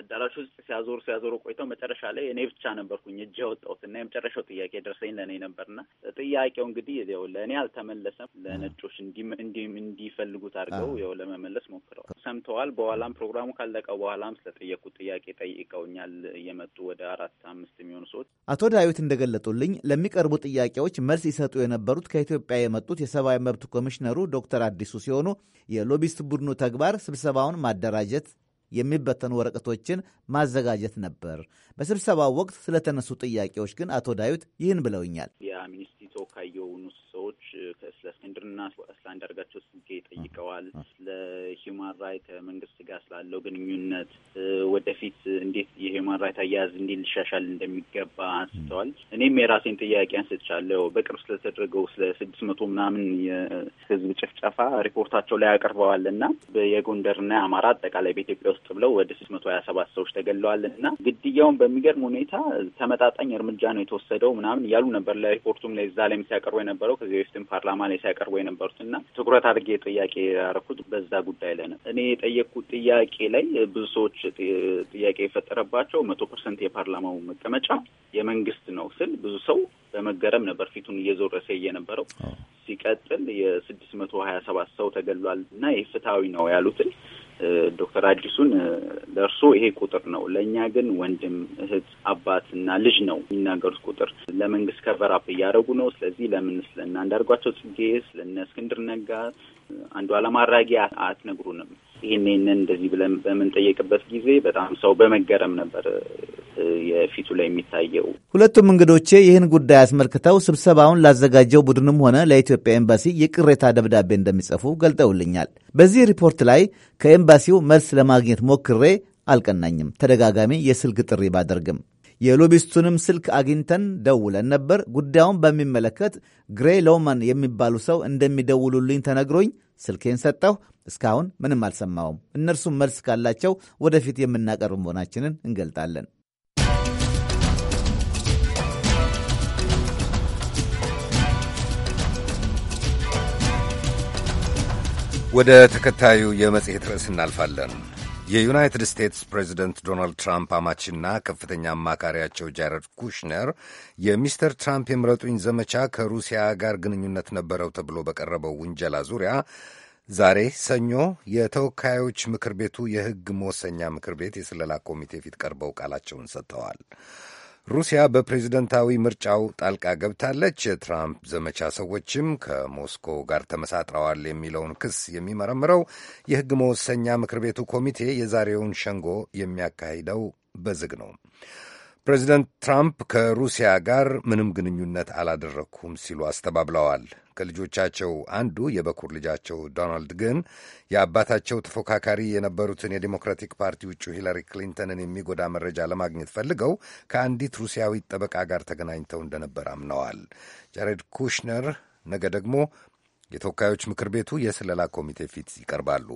Speaker 8: አዳራሹ ውስጥ ሲያዞሩ ሲያዞሩ ቆይተው መጨረሻ ላይ እኔ ብቻ ነበርኩኝ እጅ ያወጣሁት እና የመጨረሻው ጥያቄ ደርሰኝ ለእኔ ነበርና ጥያቄው እንግዲህ ያው ለእኔ አልተመለሰም። ለነጮች እንዲፈልጉት አድርገው ያው ለመመለስ ሞክረዋል። ሰምተዋል። በኋላም ፕሮግራሙ ካለቀ በኋላም ስለጠየቁት ጥያቄ ጠይቀውኛል። እየመጡ ወደ አራት አምስት የሚሆኑ ሰዎች
Speaker 7: አቶ ዳዊት እንደገለጡልኝ ለሚቀርቡ ጥያቄዎች ጥያቄዎች መልስ ይሰጡ የነበሩት ከኢትዮጵያ የመጡት የሰብአዊ መብት ኮሚሽነሩ ዶክተር አዲሱ ሲሆኑ የሎቢስት ቡድኑ ተግባር ስብሰባውን ማደራጀት፣ የሚበተኑ ወረቀቶችን ማዘጋጀት ነበር። በስብሰባው ወቅት ስለተነሱ ጥያቄዎች ግን አቶ ዳዊት ይህን ብለውኛል።
Speaker 8: የአምኒስቲ ተወካይ የሆኑ ሰዎች ስለ እስክንድርና ስለ አንዳርጋቸው ይኖራል፣ ለሂውማን ራይት መንግስት ጋር ስላለው ግንኙነት ወደፊት እንዴት የሂውማን ራይት አያያዝ እንዴት ሊሻሻል እንደሚገባ አንስተዋል። እኔም የራሴን ጥያቄ አንስቻለሁ። በቅርብ ስለተደረገው ስለ ስድስት መቶ ምናምን የህዝብ ጭፍጨፋ ሪፖርታቸው ላይ ያቀርበዋል እና የጎንደርና የአማራ አጠቃላይ በኢትዮጵያ ውስጥ ብለው ወደ ስድስት መቶ ሀያ ሰባት ሰዎች ተገለዋል እና ግድያውን በሚገርም ሁኔታ ተመጣጣኝ እርምጃ ነው የተወሰደው ምናምን እያሉ ነበር። ለሪፖርቱም ላይ እዛ ላይም ሲያቀርቡ የነበረው ከዚህ በፊትም ፓርላማ ላይ ሲያቀርቡ የነበሩት እና ትኩረት አድርጌ ጥያቄ ያረኩት በዛ ጉዳይ ላይ ነው። እኔ የጠየቅኩት ጥያቄ ላይ ብዙ ሰዎች ጥያቄ የፈጠረባቸው መቶ ፐርሰንት የፓርላማው መቀመጫ የመንግስት ነው ስል ብዙ ሰው በመገረም ነበር ፊቱን እየዞረሰ የነበረው። ሲቀጥል የስድስት መቶ ሀያ ሰባት ሰው ተገሏል እና ይህ ፍትሐዊ ነው ያሉትን ዶክተር አዲሱን ለእርሶ ይሄ ቁጥር ነው፣ ለእኛ ግን ወንድም እህት፣ አባት እና ልጅ ነው የሚናገሩት ቁጥር። ለመንግስት ከቨራፕ እያደረጉ ነው። ስለዚህ ለምን ስለነ ጽጌ፣ ስለነ እስክንድር ነጋ አንዱ አለም አትነግሩንም ይህን ይህንን እንደዚህ ብለን በምንጠየቅበት ጊዜ በጣም ሰው በመገረም ነበር የፊቱ ላይ የሚታየው።
Speaker 7: ሁለቱም እንግዶቼ ይህን ጉዳይ አስመልክተው ስብሰባውን ላዘጋጀው ቡድንም ሆነ ለኢትዮጵያ ኤምባሲ የቅሬታ ደብዳቤ እንደሚጽፉ ገልጠውልኛል። በዚህ ሪፖርት ላይ ከኤምባሲው መልስ ለማግኘት ሞክሬ አልቀናኝም፣ ተደጋጋሚ የስልክ ጥሪ ባደርግም የሎቢስቱንም ስልክ አግኝተን ደውለን ነበር። ጉዳዩን በሚመለከት ግሬ ሎማን የሚባሉ ሰው እንደሚደውሉልኝ ተነግሮኝ ስልኬን ሰጠሁ። እስካሁን ምንም አልሰማውም። እነርሱም መልስ ካላቸው ወደፊት የምናቀርብ መሆናችንን እንገልጣለን።
Speaker 2: ወደ ተከታዩ የመጽሔት ርዕስ እናልፋለን። የዩናይትድ ስቴትስ ፕሬዚደንት ዶናልድ ትራምፕ አማችና ከፍተኛ አማካሪያቸው ጃረድ ኩሽነር የሚስተር ትራምፕ የምረጡኝ ዘመቻ ከሩሲያ ጋር ግንኙነት ነበረው ተብሎ በቀረበው ውንጀላ ዙሪያ ዛሬ ሰኞ የተወካዮች ምክር ቤቱ የሕግ መወሰኛ ምክር ቤት የስለላ ኮሚቴ ፊት ቀርበው ቃላቸውን ሰጥተዋል። ሩሲያ በፕሬዝደንታዊ ምርጫው ጣልቃ ገብታለች፣ የትራምፕ ዘመቻ ሰዎችም ከሞስኮ ጋር ተመሳጥረዋል የሚለውን ክስ የሚመረምረው የሕግ መወሰኛ ምክር ቤቱ ኮሚቴ የዛሬውን ሸንጎ የሚያካሂደው በዝግ ነው። ፕሬዚደንት ትራምፕ ከሩሲያ ጋር ምንም ግንኙነት አላደረግኩም ሲሉ አስተባብለዋል። ከልጆቻቸው አንዱ የበኩር ልጃቸው ዶናልድ ግን የአባታቸው ተፎካካሪ የነበሩትን የዴሞክራቲክ ፓርቲ ውጩ ሂላሪ ክሊንተንን የሚጎዳ መረጃ ለማግኘት ፈልገው ከአንዲት ሩሲያዊት ጠበቃ ጋር ተገናኝተው እንደነበር አምነዋል። ጃሬድ ኩሽነር ነገ ደግሞ የተወካዮች ምክር ቤቱ የስለላ ኮሚቴ ፊት ይቀርባሉ።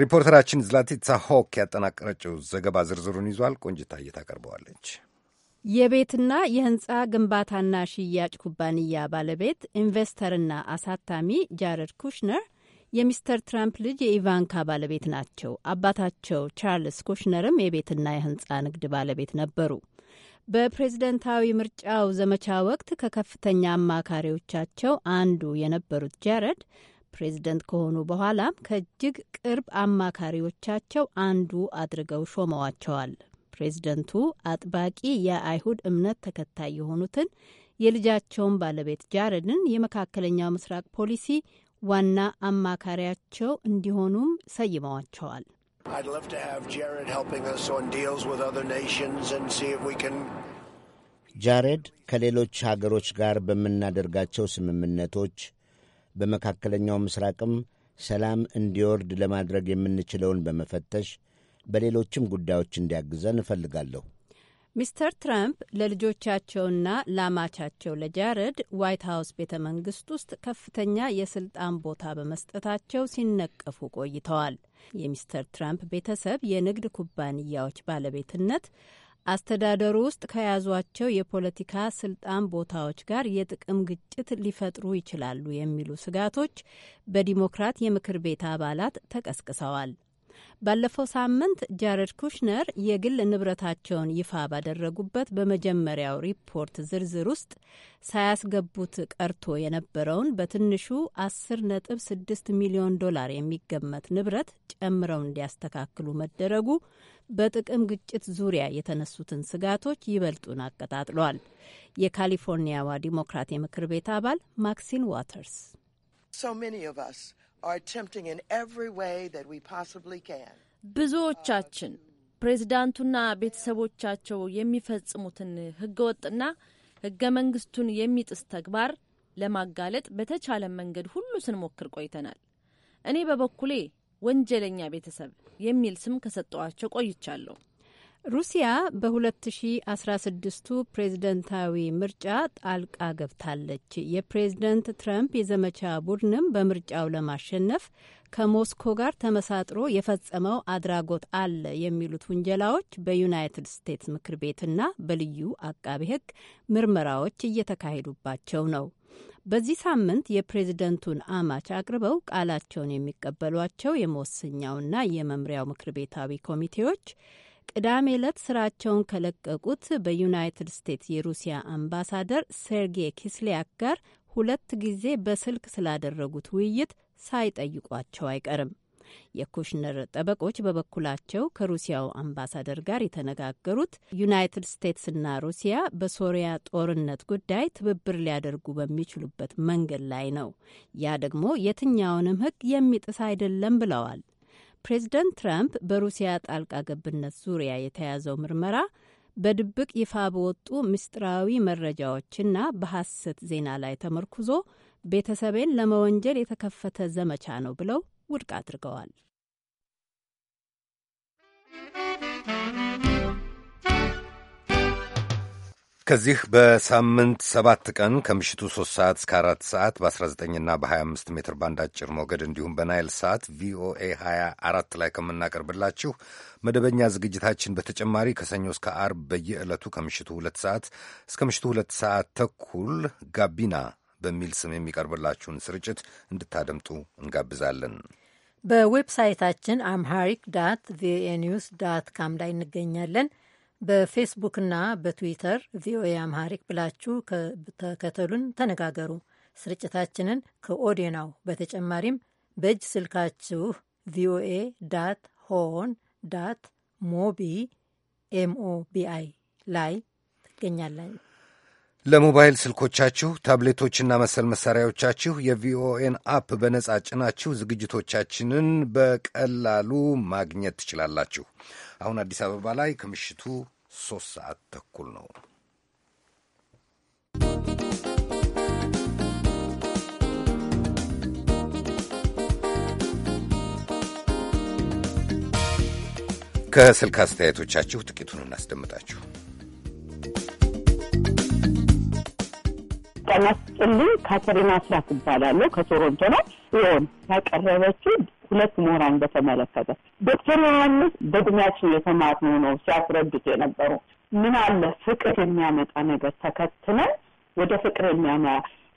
Speaker 2: ሪፖርተራችን ዝላቲታ ሆክ ያጠናቀረችው ዘገባ ዝርዝሩን ይዟል። ቆንጅታ እየታቀርበዋለች።
Speaker 10: የቤትና የህንፃ ግንባታና ሽያጭ ኩባንያ ባለቤት ኢንቨስተርና አሳታሚ ጃረድ ኩሽነር የሚስተር ትራምፕ ልጅ የኢቫንካ ባለቤት ናቸው። አባታቸው ቻርልስ ኩሽነርም የቤትና የህንፃ ንግድ ባለቤት ነበሩ። በፕሬዝደንታዊ ምርጫው ዘመቻ ወቅት ከከፍተኛ አማካሪዎቻቸው አንዱ የነበሩት ጃረድ ፕሬዝደንት ከሆኑ በኋላም ከእጅግ ቅርብ አማካሪዎቻቸው አንዱ አድርገው ሾመዋቸዋል። ፕሬዝደንቱ አጥባቂ የአይሁድ እምነት ተከታይ የሆኑትን የልጃቸውን ባለቤት ጃረድን የመካከለኛው ምስራቅ ፖሊሲ ዋና አማካሪያቸው እንዲሆኑም ሰይመዋቸዋል። ጃሬድ ከሌሎች
Speaker 4: ሀገሮች ጋር በምናደርጋቸው ስምምነቶች በመካከለኛው ምስራቅም ሰላም እንዲወርድ ለማድረግ የምንችለውን በመፈተሽ በሌሎችም ጉዳዮች እንዲያግዘን እፈልጋለሁ።
Speaker 10: ሚስተር ትራምፕ ለልጆቻቸውና ላማቻቸው ለጃረድ ዋይት ሀውስ ቤተ መንግስት ውስጥ ከፍተኛ የስልጣን ቦታ በመስጠታቸው ሲነቀፉ ቆይተዋል። የሚስተር ትራምፕ ቤተሰብ የንግድ ኩባንያዎች ባለቤትነት አስተዳደሩ ውስጥ ከያዟቸው የፖለቲካ ስልጣን ቦታዎች ጋር የጥቅም ግጭት ሊፈጥሩ ይችላሉ የሚሉ ስጋቶች በዲሞክራት የምክር ቤት አባላት ተቀስቅሰዋል። ባለፈው ሳምንት ጃረድ ኩሽነር የግል ንብረታቸውን ይፋ ባደረጉበት በመጀመሪያው ሪፖርት ዝርዝር ውስጥ ሳያስገቡት ቀርቶ የነበረውን በትንሹ 10.6 ሚሊዮን ዶላር የሚገመት ንብረት ጨምረው እንዲያስተካክሉ መደረጉ በጥቅም ግጭት ዙሪያ የተነሱትን ስጋቶች ይበልጡን አቀጣጥሏል። የካሊፎርኒያዋ ዲሞክራት የምክር ቤት አባል ማክሲን ዋተርስ
Speaker 11: So many of us
Speaker 10: ብዙዎቻችን ፕሬዝዳንቱና ቤተሰቦቻቸው የሚፈጽሙትን ህገወጥና ህገ መንግስቱን የሚጥስ ተግባር ለማጋለጥ በተቻለ መንገድ ሁሉ ስንሞክር ቆይተናል። እኔ በበኩሌ ወንጀለኛ ቤተሰብ የሚል ስም ከሰጠዋቸው ቆይቻለሁ። ሩሲያ በ2016ቱ ፕሬዝደንታዊ ምርጫ ጣልቃ ገብታለች። የፕሬዝደንት ትረምፕ የዘመቻ ቡድንም በምርጫው ለማሸነፍ ከሞስኮ ጋር ተመሳጥሮ የፈጸመው አድራጎት አለ የሚሉት ውንጀላዎች በዩናይትድ ስቴትስ ምክር ቤትና በልዩ አቃቤ ሕግ ምርመራዎች እየተካሄዱባቸው ነው። በዚህ ሳምንት የፕሬዝደንቱን አማች አቅርበው ቃላቸውን የሚቀበሏቸው የመወሰኛውና የመምሪያው ምክር ቤታዊ ኮሚቴዎች ቅዳሜ ዕለት ስራቸውን ከለቀቁት በዩናይትድ ስቴትስ የሩሲያ አምባሳደር ሴርጌይ ኪስሊያክ ጋር ሁለት ጊዜ በስልክ ስላደረጉት ውይይት ሳይጠይቋቸው አይቀርም። የኩሽነር ጠበቆች በበኩላቸው ከሩሲያው አምባሳደር ጋር የተነጋገሩት ዩናይትድ ስቴትስና ሩሲያ በሶሪያ ጦርነት ጉዳይ ትብብር ሊያደርጉ በሚችሉበት መንገድ ላይ ነው፣ ያ ደግሞ የትኛውንም ሕግ የሚጥስ አይደለም ብለዋል። ፕሬዝደንት ትራምፕ በሩሲያ ጣልቃ ገብነት ዙሪያ የተያዘው ምርመራ በድብቅ ይፋ በወጡ ምስጢራዊ መረጃዎችና በሐሰት ዜና ላይ ተመርኩዞ ቤተሰቤን ለመወንጀል የተከፈተ ዘመቻ ነው ብለው ውድቅ አድርገዋል።
Speaker 2: ከዚህ በሳምንት ሰባት ቀን ከምሽቱ ሶስት ሰዓት እስከ 4 ሰዓት በ19ና በ25 ሜትር ባንድ አጭር ሞገድ እንዲሁም በናይል ሰዓት ቪኦኤ 24 ላይ ከምናቀርብላችሁ መደበኛ ዝግጅታችን በተጨማሪ ከሰኞ እስከ አርብ በየዕለቱ ከምሽቱ ሁለት ሰዓት እስከ ምሽቱ ሁለት ሰዓት ተኩል ጋቢና በሚል ስም የሚቀርብላችሁን ስርጭት እንድታደምጡ እንጋብዛለን።
Speaker 1: በዌብሳይታችን አምሃሪክ ዳት ቪኦኤ ኒውስ ዳት ካም ላይ እንገኛለን። በፌስቡክና በትዊተር ቪኦኤ አምሃሪክ ብላችሁ ተከተሉን፣ ተነጋገሩ። ስርጭታችንን ከኦዲናው በተጨማሪም በእጅ ስልካችሁ ቪኦኤ ዳት ሆን ዳት ሞቢ ኤምኦቢአይ ላይ ትገኛለን።
Speaker 2: ለሞባይል ስልኮቻችሁ ታብሌቶችና መሰል መሳሪያዎቻችሁ የቪኦኤን አፕ በነጻ ጭናችሁ ዝግጅቶቻችንን በቀላሉ ማግኘት ትችላላችሁ። አሁን አዲስ አበባ ላይ ከምሽቱ ሶስት ሰዓት ተኩል ነው። ከስልክ አስተያየቶቻችሁ ጥቂቱን እናስደምጣችሁ።
Speaker 6: ቀናስጥልኝ ካተሪና አስራት ትባላለሁ ከቶሮንቶ ነው። ጽዮን ያቀረበችው ሁለት ምሁራን በተመለከተ ዶክተር ዮሐንስ በእድሜያችን የተማርነው ነው ሲያስረዱት የነበሩ ምን አለ ፍቅር የሚያመጣ ነገር ተከትለን ወደ ፍቅር የሚያመያ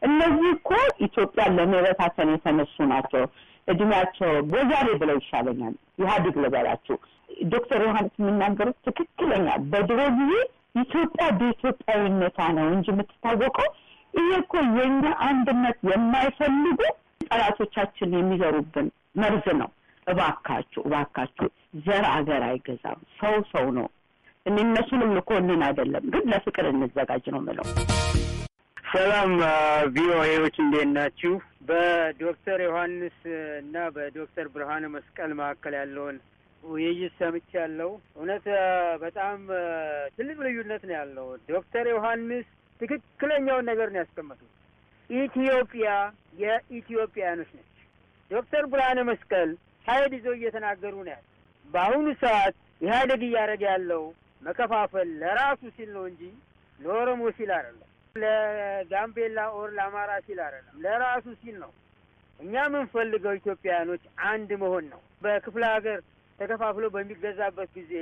Speaker 6: እነዚህ እኮ ኢትዮጵያን ለመበታተን የተነሱ ናቸው። እድሜያቸው ጎዛሬ ብለው ይሻለኛል ኢህአዴግ ልበላችሁ። ዶክተር ዮሐንስ የሚናገሩት ትክክለኛ። በድሮ ጊዜ ኢትዮጵያ በኢትዮጵያዊነቷ ነው እንጂ የምትታወቀው። ይሄ እኮ የእኛ አንድነት የማይፈልጉ ጠላቶቻችን የሚዘሩብን መርዝ ነው። እባካችሁ እባካችሁ ዘር አገር አይገዛም። ሰው ሰው ነው። እኔ እነሱንም ልኮንን አይደለም ግን ለፍቅር እንዘጋጅ ነው ምለው።
Speaker 12: ሰላም ቪኦኤዎች እንዴት ናችሁ? በዶክተር ዮሐንስ እና በዶክተር ብርሃነ መስቀል መካከል ያለውን ውይይት ሰምቼ ያለው እውነት በጣም ትልቅ ልዩነት ነው ያለው። ዶክተር ዮሐንስ ትክክለኛውን ነገር ነው ያስቀመጡት። ኢትዮጵያ የኢትዮጵያኖች ነች። ዶክተር ብርሃነ መስቀል ኃይል ይዘው እየተናገሩ ነው ያለ። በአሁኑ ሰዓት ኢህአደግ እያደረገ ያለው መከፋፈል ለራሱ ሲል ነው እንጂ ለኦሮሞ ሲል አይደለም፣ ለጋምቤላ ኦር ለአማራ ሲል አይደለም፣ ለራሱ ሲል ነው። እኛ የምንፈልገው ኢትዮጵያውያኖች አንድ መሆን ነው። በክፍለ ሀገር ተከፋፍሎ በሚገዛበት ጊዜ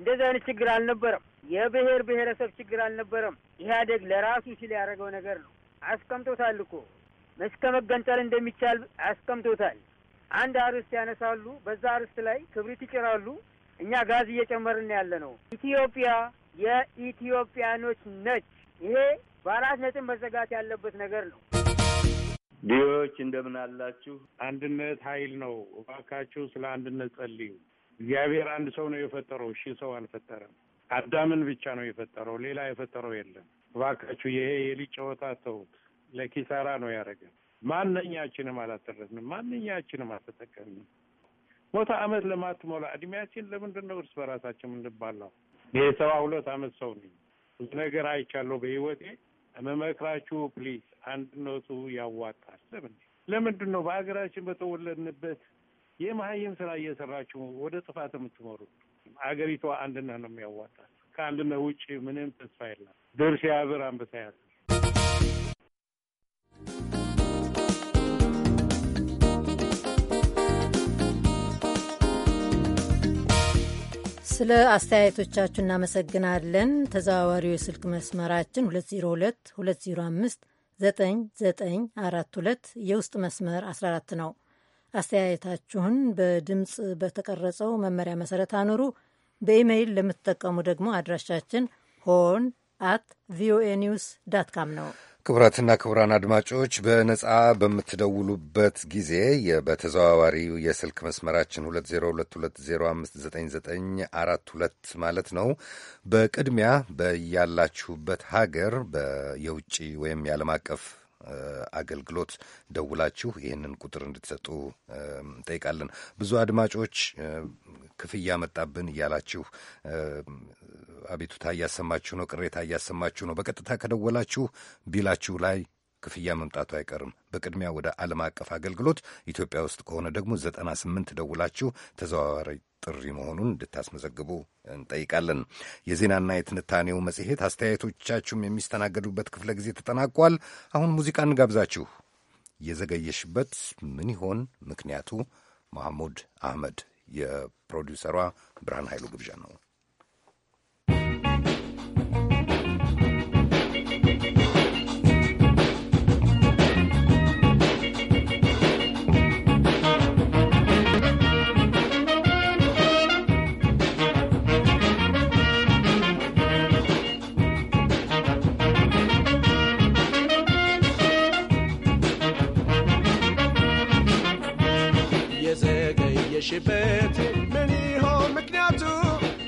Speaker 12: እንደዚህ አይነት ችግር አልነበረም። የብሔር ብሔረሰብ ችግር አልነበረም። ኢህአደግ ለራሱ ሲል ያደረገው ነገር ነው። አስቀምጦታል እኮ እስከ መገንጠል እንደሚቻል አስቀምጦታል። አንድ አርዕስት ያነሳሉ። በዛ አርዕስት ላይ ክብሪት ይጭራሉ። እኛ ጋዝ እየጨመርን ያለ ነው። ኢትዮጵያ የኢትዮጵያኖች ነች። ይሄ በአራት ነጥብ መዘጋት ያለበት ነገር ነው።
Speaker 3: ዲዎች እንደምን አላችሁ? አንድነት ኃይል ነው። እባካችሁ ስለ አንድነት ጸልዩ።
Speaker 6: እግዚአብሔር አንድ
Speaker 3: ሰው ነው የፈጠረው፣ ሺህ ሰው አልፈጠረም። አዳምን ብቻ ነው የፈጠረው፣ ሌላ የፈጠረው የለም።
Speaker 6: እባካችሁ ይሄ የልጅ
Speaker 3: ጨዋታ ተውት፣ ለኪሳራ ነው ያደረገን። ማንኛችንም አላተረፍንም፣ ማንኛችንም አልተጠቀምንም። ሞታ አመት ለማትሞላ እድሜያችን ለምንድን ነው እርስ በራሳችን የምንባላው? የሰባ ሁለት አመት ሰው ነኝ። ብዙ ነገር አይቻለሁ በህይወቴ። መመክራችሁ ፕሊዝ አንድነቱ ያዋጣል። ለምን ለምንድን ነው በሀገራችን በተወለድንበት የመሀይም ስራ እየሰራችሁ ወደ ጥፋት የምትመሩ? አገሪቷ አንድነት ነው የሚያዋጣል። ከአንድነት ውጭ ምንም ተስፋ የለም። ድርሽ ያብር አንበሳ ያለ
Speaker 1: ስለ አስተያየቶቻችሁ እናመሰግናለን። ተዘዋዋሪው የስልክ መስመራችን 2022059942 የውስጥ መስመር 14 ነው። አስተያየታችሁን በድምፅ በተቀረጸው መመሪያ መሰረት አኑሩ። በኢሜይል ለምትጠቀሙ ደግሞ አድራሻችን ሆን አት ቪኦኤ ኒውስ ዳት ካም ነው።
Speaker 2: ክቡራትና ክቡራን አድማጮች በነጻ በምትደውሉበት ጊዜ በተዘዋዋሪው የስልክ መስመራችን 2022059942 ማለት ነው። በቅድሚያ በያላችሁበት ሀገር የውጭ ወይም የዓለም አቀፍ አገልግሎት ደውላችሁ ይህንን ቁጥር እንድትሰጡ እንጠይቃለን። ብዙ አድማጮች ክፍያ መጣብን እያላችሁ አቤቱታ እያሰማችሁ ነው፣ ቅሬታ እያሰማችሁ ነው። በቀጥታ ከደወላችሁ ቢላችሁ ላይ ክፍያ መምጣቱ አይቀርም። በቅድሚያ ወደ ዓለም አቀፍ አገልግሎት ኢትዮጵያ ውስጥ ከሆነ ደግሞ ዘጠና ስምንት ደውላችሁ ተዘዋዋሪ ጥሪ መሆኑን እንድታስመዘግቡ እንጠይቃለን። የዜናና የትንታኔው መጽሔት አስተያየቶቻችሁም የሚስተናገዱበት ክፍለ ጊዜ ተጠናቋል። አሁን ሙዚቃ እንጋብዛችሁ። የዘገየሽበት ምን ይሆን ምክንያቱ? መሐሙድ አህመድ የፕሮዲውሰሯ ብርሃን ኃይሉ ግብዣ ነው።
Speaker 7: ያልሽበት
Speaker 12: ምን ይሆን ምክንያቱ?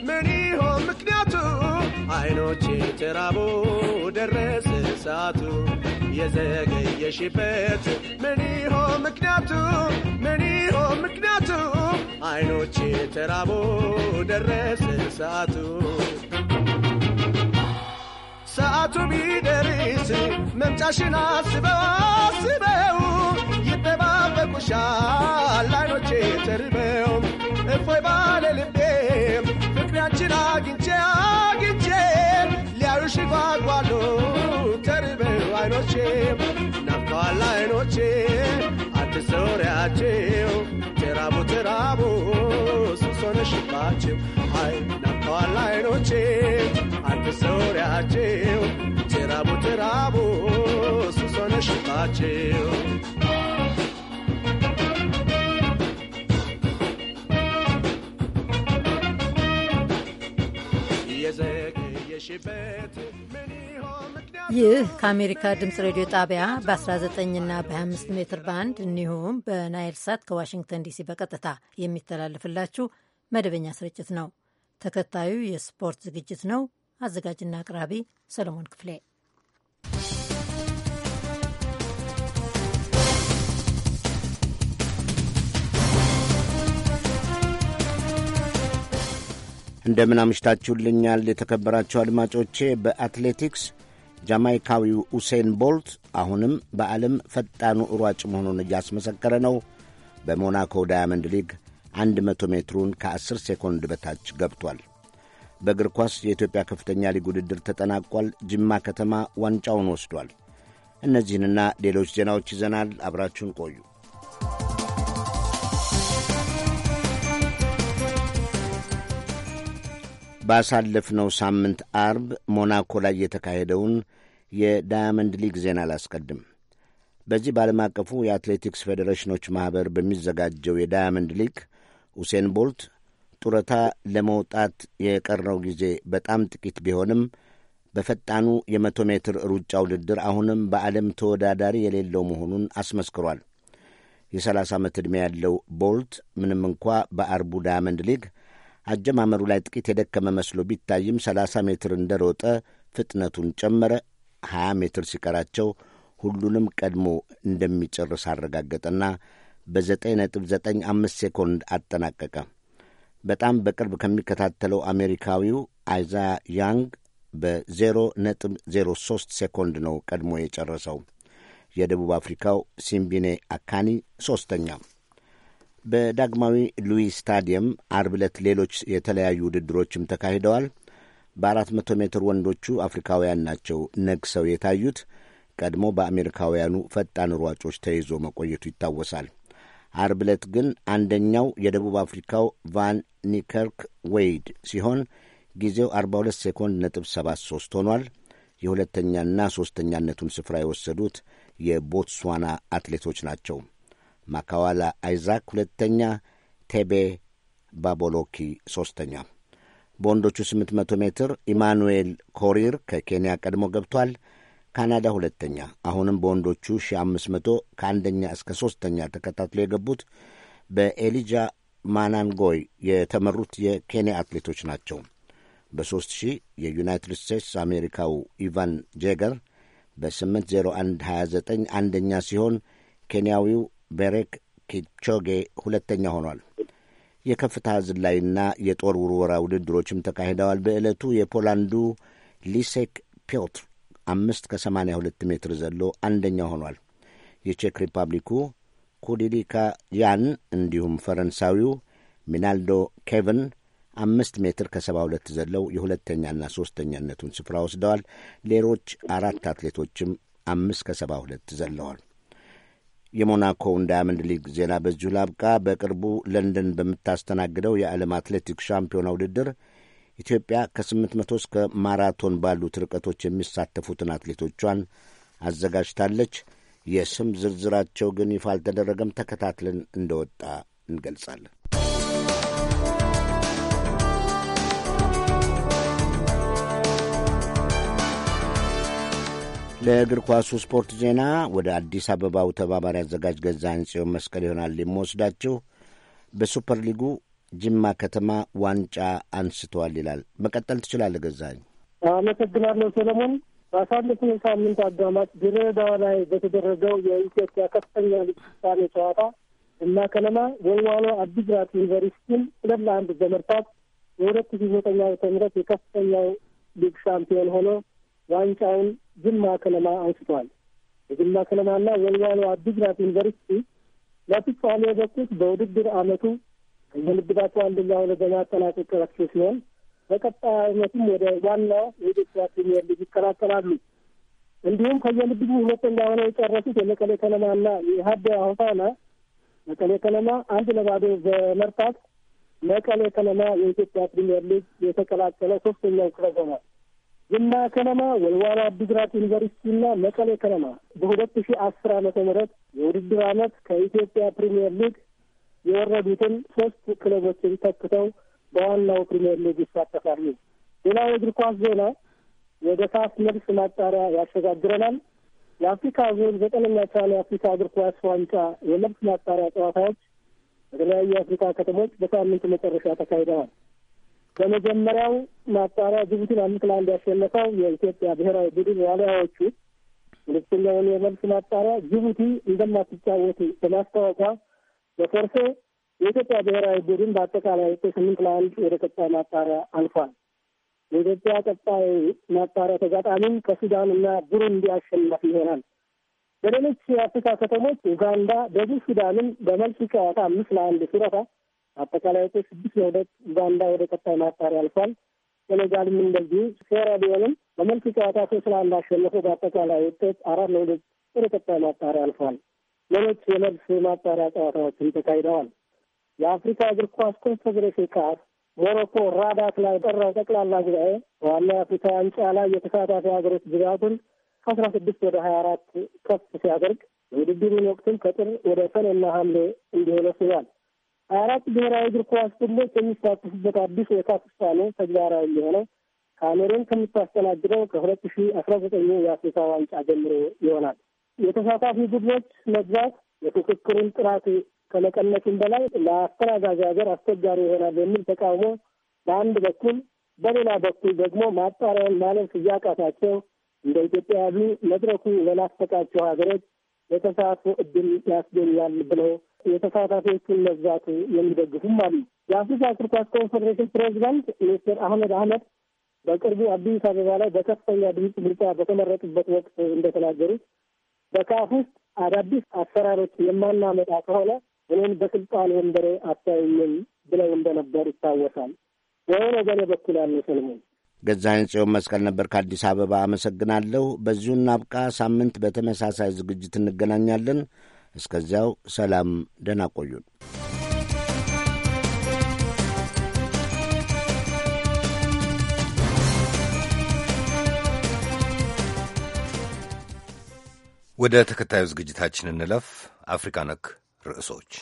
Speaker 12: ምን ይሆን ምክንያቱ?
Speaker 8: አይኖች ተራቦ ደረሰ ሰዓቱ የዘገየሽበት
Speaker 12: ምን ይሆን ምክንያቱ? ምን ይሆን ምክንያቱ?
Speaker 8: አይኖች ተራቦ ደረሰ ሰዓቱ
Speaker 12: ሰዓቱ ቢደርስ
Speaker 7: መምጫሽን አስበው አስበው ያሞሻል አይኖቼ ተርበው እፎይ ባለ ልቤ ፍቅሪያችን አግኝቼ አግኝቼ ሊያዩሽ ጓጓሉ ተርበው አይኖቼ አዲስ ተራቡ ተራቡ አይ ተራቡ ተራቡ
Speaker 1: ይህ ከአሜሪካ ድምፅ ሬዲዮ ጣቢያ በ19ና በ25 ሜትር ባንድ እንዲሁም በናይል ሳት ከዋሽንግተን ዲሲ በቀጥታ የሚተላለፍላችሁ መደበኛ ስርጭት ነው። ተከታዩ የስፖርት ዝግጅት ነው። አዘጋጅና አቅራቢ ሰለሞን ክፍሌ
Speaker 4: እንደምን አምሽታችሁልኛል የተከበራችሁ አድማጮቼ። በአትሌቲክስ ጃማይካዊው ኡሴን ቦልት አሁንም በዓለም ፈጣኑ ሯጭ መሆኑን እያስመሰከረ ነው። በሞናኮ ዳያመንድ ሊግ 100 ሜትሩን ከ10 ሴኮንድ በታች ገብቷል። በእግር ኳስ የኢትዮጵያ ከፍተኛ ሊግ ውድድር ተጠናቋል። ጅማ ከተማ ዋንጫውን ወስዷል። እነዚህንና ሌሎች ዜናዎች ይዘናል። አብራችሁን ቆዩ። ባሳለፍነው ሳምንት አርብ ሞናኮ ላይ የተካሄደውን የዳያመንድ ሊግ ዜና አላስቀድም። በዚህ በዓለም አቀፉ የአትሌቲክስ ፌዴሬሽኖች ማኅበር በሚዘጋጀው የዳያመንድ ሊግ ሁሴን ቦልት ጡረታ ለመውጣት የቀረው ጊዜ በጣም ጥቂት ቢሆንም በፈጣኑ የመቶ ሜትር ሩጫ ውድድር አሁንም በዓለም ተወዳዳሪ የሌለው መሆኑን አስመስክሯል። የ30 ዓመት ዕድሜ ያለው ቦልት ምንም እንኳ በአርቡ ዳያመንድ ሊግ አጀማመሩ ላይ ጥቂት የደከመ መስሎ ቢታይም 30 ሜትር እንደሮጠ ፍጥነቱን ጨመረ። 20 ሜትር ሲቀራቸው ሁሉንም ቀድሞ እንደሚጨርስ አረጋገጠና በ9.95 ሴኮንድ አጠናቀቀ። በጣም በቅርብ ከሚከታተለው አሜሪካዊው አይዛ ያንግ በ0.03 ሴኮንድ ነው ቀድሞ የጨረሰው። የደቡብ አፍሪካው ሲምቢኔ አካኒ ሦስተኛ በዳግማዊ ሉዊስ ስታዲየም አርብ ዕለት ሌሎች የተለያዩ ውድድሮችም ተካሂደዋል። በአራት መቶ ሜትር ወንዶቹ አፍሪካውያን ናቸው ነግሰው የታዩት። ቀድሞ በአሜሪካውያኑ ፈጣን ሯጮች ተይዞ መቆየቱ ይታወሳል። አርብ ዕለት ግን አንደኛው የደቡብ አፍሪካው ቫን ኒከርክ ዌይድ ሲሆን ጊዜው 42 ሴኮንድ ነጥብ 73 ሆኗል። የሁለተኛና ሦስተኛነቱን ስፍራ የወሰዱት የቦትስዋና አትሌቶች ናቸው። ማካዋላ አይዛክ ሁለተኛ፣ ቴቤ ባቦሎኪ ሦስተኛ። በወንዶቹ 800 ሜትር ኢማኑኤል ኮሪር ከኬንያ ቀድሞ ገብቷል። ካናዳ ሁለተኛ። አሁንም በወንዶቹ 1500 ከአንደኛ እስከ ሦስተኛ ተከታትሎ የገቡት በኤሊጃ ማናንጎይ የተመሩት የኬንያ አትሌቶች ናቸው። በ3000 የዩናይትድ ስቴትስ አሜሪካው ኢቫን ጄገር በ80129 አንደኛ ሲሆን ኬንያዊው ቤሬክ ኪፕቾጌ ሁለተኛ ሆኗል። የከፍታ ዝላይና የጦር ውርወራ ውድድሮችም ተካሂደዋል። በዕለቱ የፖላንዱ ሊሴክ ፒዮትር አምስት ከ82 ሜትር ዘሎ አንደኛ ሆኗል። የቼክ ሪፐብሊኩ ኩዲሊካ ያን እንዲሁም ፈረንሳዊው ሚናልዶ ኬቨን አምስት ሜትር ከ72 ዘለው የሁለተኛና ሦስተኛነቱን ስፍራ ወስደዋል። ሌሎች አራት አትሌቶችም አምስት ከ72 ዘለዋል። የሞናኮው ዳያመንድ ሊግ ዜና በዚሁ ላብቃ። በቅርቡ ለንደን በምታስተናግደው የዓለም አትሌቲክስ ሻምፒዮና ውድድር ኢትዮጵያ ከ800 እስከ ማራቶን ባሉት ርቀቶች የሚሳተፉትን አትሌቶቿን አዘጋጅታለች። የስም ዝርዝራቸው ግን ይፋ አልተደረገም። ተከታትለን እንደወጣ እንገልጻለን። በእግር ኳሱ ስፖርት ዜና ወደ አዲስ አበባው ተባባሪ አዘጋጅ ገዛኸኝ ጽዮን መስቀል ይሆናል የምወስዳችሁ። በሱፐር ሊጉ ጅማ ከተማ ዋንጫ አንስተዋል ይላል። መቀጠል ትችላለህ ገዛኸኝ።
Speaker 6: አመሰግናለሁ ሰለሞን። በአሳለፍነው ሳምንት አጋማሽ ድሬዳዋ ላይ በተደረገው የኢትዮጵያ ከፍተኛ ሊግ ፍጻሜ ጨዋታ እና ከነማ ወልዋሎ አዲግራት ዩኒቨርሲቲን ሁለት ለአንድ በመርታት የሁለት ሺ ዘጠኝ ዓመተ ምህረት የከፍተኛው ሊግ ሻምፒዮን ሆኖ ዋንጫውን ጅማ ከነማ አንስቷል። የጅማ ከነማና ወልዋሎ አዲግራት ዩኒቨርሲቲ ለፍጻሜ የበቁት በውድድር ዓመቱ ከምድባቸው አንደኛ ሆነው በማጠናቀቃቸው ሲሆን በቀጣይ ዓመትም ወደ ዋናው የኢትዮጵያ ፕሪሚየር ሊግ ይቀላቀላሉ። እንዲሁም ከየምድቡ ሁለተኛ ሆነው የጨረሱት የመቀሌ ከነማና የሀዲያ ሆሳዕና መቀሌ ከነማ አንድ ለባዶ በመርታት መቀሌ ከነማ የኢትዮጵያ ፕሪሚየር ሊግ የተቀላቀለ ሶስተኛው ክለብ ሆኗል። ዝና ከነማ፣ ወልዋላ አዲግራት ዩኒቨርሲቲና መቀሌ ከነማ በሁለት ሺ አስር አመተ ምህረት የውድድር ዓመት ከኢትዮጵያ ፕሪምየር ሊግ የወረዱትን ሶስት ክለቦችን ተክተው በዋናው ፕሪምየር ሊግ ይሳተፋሉ። ሌላው የእግር ኳስ ዜና ወደ ካፍ መልስ ማጣሪያ ያሸጋግረናል። የአፍሪካ ዞን ዘጠነኛ ቻን የአፍሪካ እግር ኳስ ዋንጫ የመልስ ማጣሪያ ጨዋታዎች በተለያዩ የአፍሪካ ከተሞች በሳምንት መጨረሻ ተካሂደዋል። በመጀመሪያው ማጣሪያ ጅቡቲን አምስት ለአንድ ያሸነፈው የኢትዮጵያ ብሔራዊ ቡድን ዋልያዎቹ ሁለተኛውን የመልስ ማጣሪያ ጅቡቲ እንደማትጫወት በማስታወቋ በፎርፌ የኢትዮጵያ ብሔራዊ ቡድን በአጠቃላይ ስምንት ለአንድ ወደ ቀጣይ ማጣሪያ አልፏል። የኢትዮጵያ ቀጣይ ማጣሪያ ተጋጣሚም ከሱዳን እና ቡሩንዲ አሸናፊ ይሆናል። በሌሎች የአፍሪካ ከተሞች ኡጋንዳ ደቡብ ሱዳንን በመልስ ጨዋታ አምስት ለአንድ ሲረታ አጠቃላይ ቶ ስድስት ለሁለት ኡጋንዳ ወደ ቀጣይ ማጣሪያ አልፏል። ሴኔጋልም እንደዚሁ ሴራ ቢሆንም በመልክ ጨዋታ ሶስት ለአንድ አሸንፎ በአጠቃላይ ውጤት አራት ለሁለት ወደ ቀጣይ ማጣሪያ አልፏል። ሌሎች የመልስ ማጣሪያ ጨዋታዎችም ተካሂደዋል። የአፍሪካ እግር ኳስ ኮንፌዴሬሽን ካፍ ሞሮኮ ራዳት ላይ ጠራው ጠቅላላ ጉባኤ በዋና የአፍሪካ ዋንጫ ላይ የተሳታፊ ሀገሮች ብዛቱን ከአስራ ስድስት ወደ ሀያ አራት ከፍ ሲያደርግ የውድድሩን ወቅትም ከጥር ወደ ሰኔና ሐምሌ እንዲሆን ወስኗል።
Speaker 12: አራት ብሔራዊ
Speaker 6: እግር ኳስ ክልሎች የሚሳተፉበት አዲስ የካፍ ውሳኔ ተግባራዊ የሆነው ካሜሩን ከምታስተናግደው ከሁለት ሺ አስራ ዘጠኝ የአፍሪካ ዋንጫ ጀምሮ ይሆናል። የተሳታፊ ቡድኖች መግዛት የፉክክሩን ጥራት ከመቀነሱም በላይ ለአስተናጋጅ ሀገር አስቸጋሪ ይሆናል የሚል ተቃውሞ በአንድ በኩል፣ በሌላ በኩል ደግሞ ማጣሪያውን ማለፍ እያቃታቸው እንደ ኢትዮጵያ ያሉ መድረኩ ለናፈቃቸው ሀገሮች የተሳትፎ እድል ያስገኛል ብለው የተሳታፊዎቹን መብዛት የሚደግፉም አሉ። የአፍሪካ እግር ኳስ ኮንፌዴሬሽን ፕሬዚዳንት ሚኒስትር አህመድ አህመድ በቅርቡ አዲስ አበባ ላይ በከፍተኛ ድምፅ ብልጫ በተመረጡበት ወቅት እንደተናገሩት በካፍ ውስጥ አዳዲስ አሰራሮች የማናመጣ ከሆነ እኔም በስልጣን ወንበሬ አታዩኝም ብለው እንደነበር ይታወሳል። የሆነ ገኔ በኩል ያለ ሰለሞን
Speaker 4: ገዛኸኝ ጽዮን መስቀል ነበር ከአዲስ አበባ አመሰግናለሁ። በዚሁ እናብቃ። ሳምንት በተመሳሳይ ዝግጅት እንገናኛለን። እስከዚያው ሰላም፣ ደህና ቆዩን።
Speaker 2: ወደ ተከታዩ ዝግጅታችን እንለፍ። አፍሪካ ነክ ርዕሶች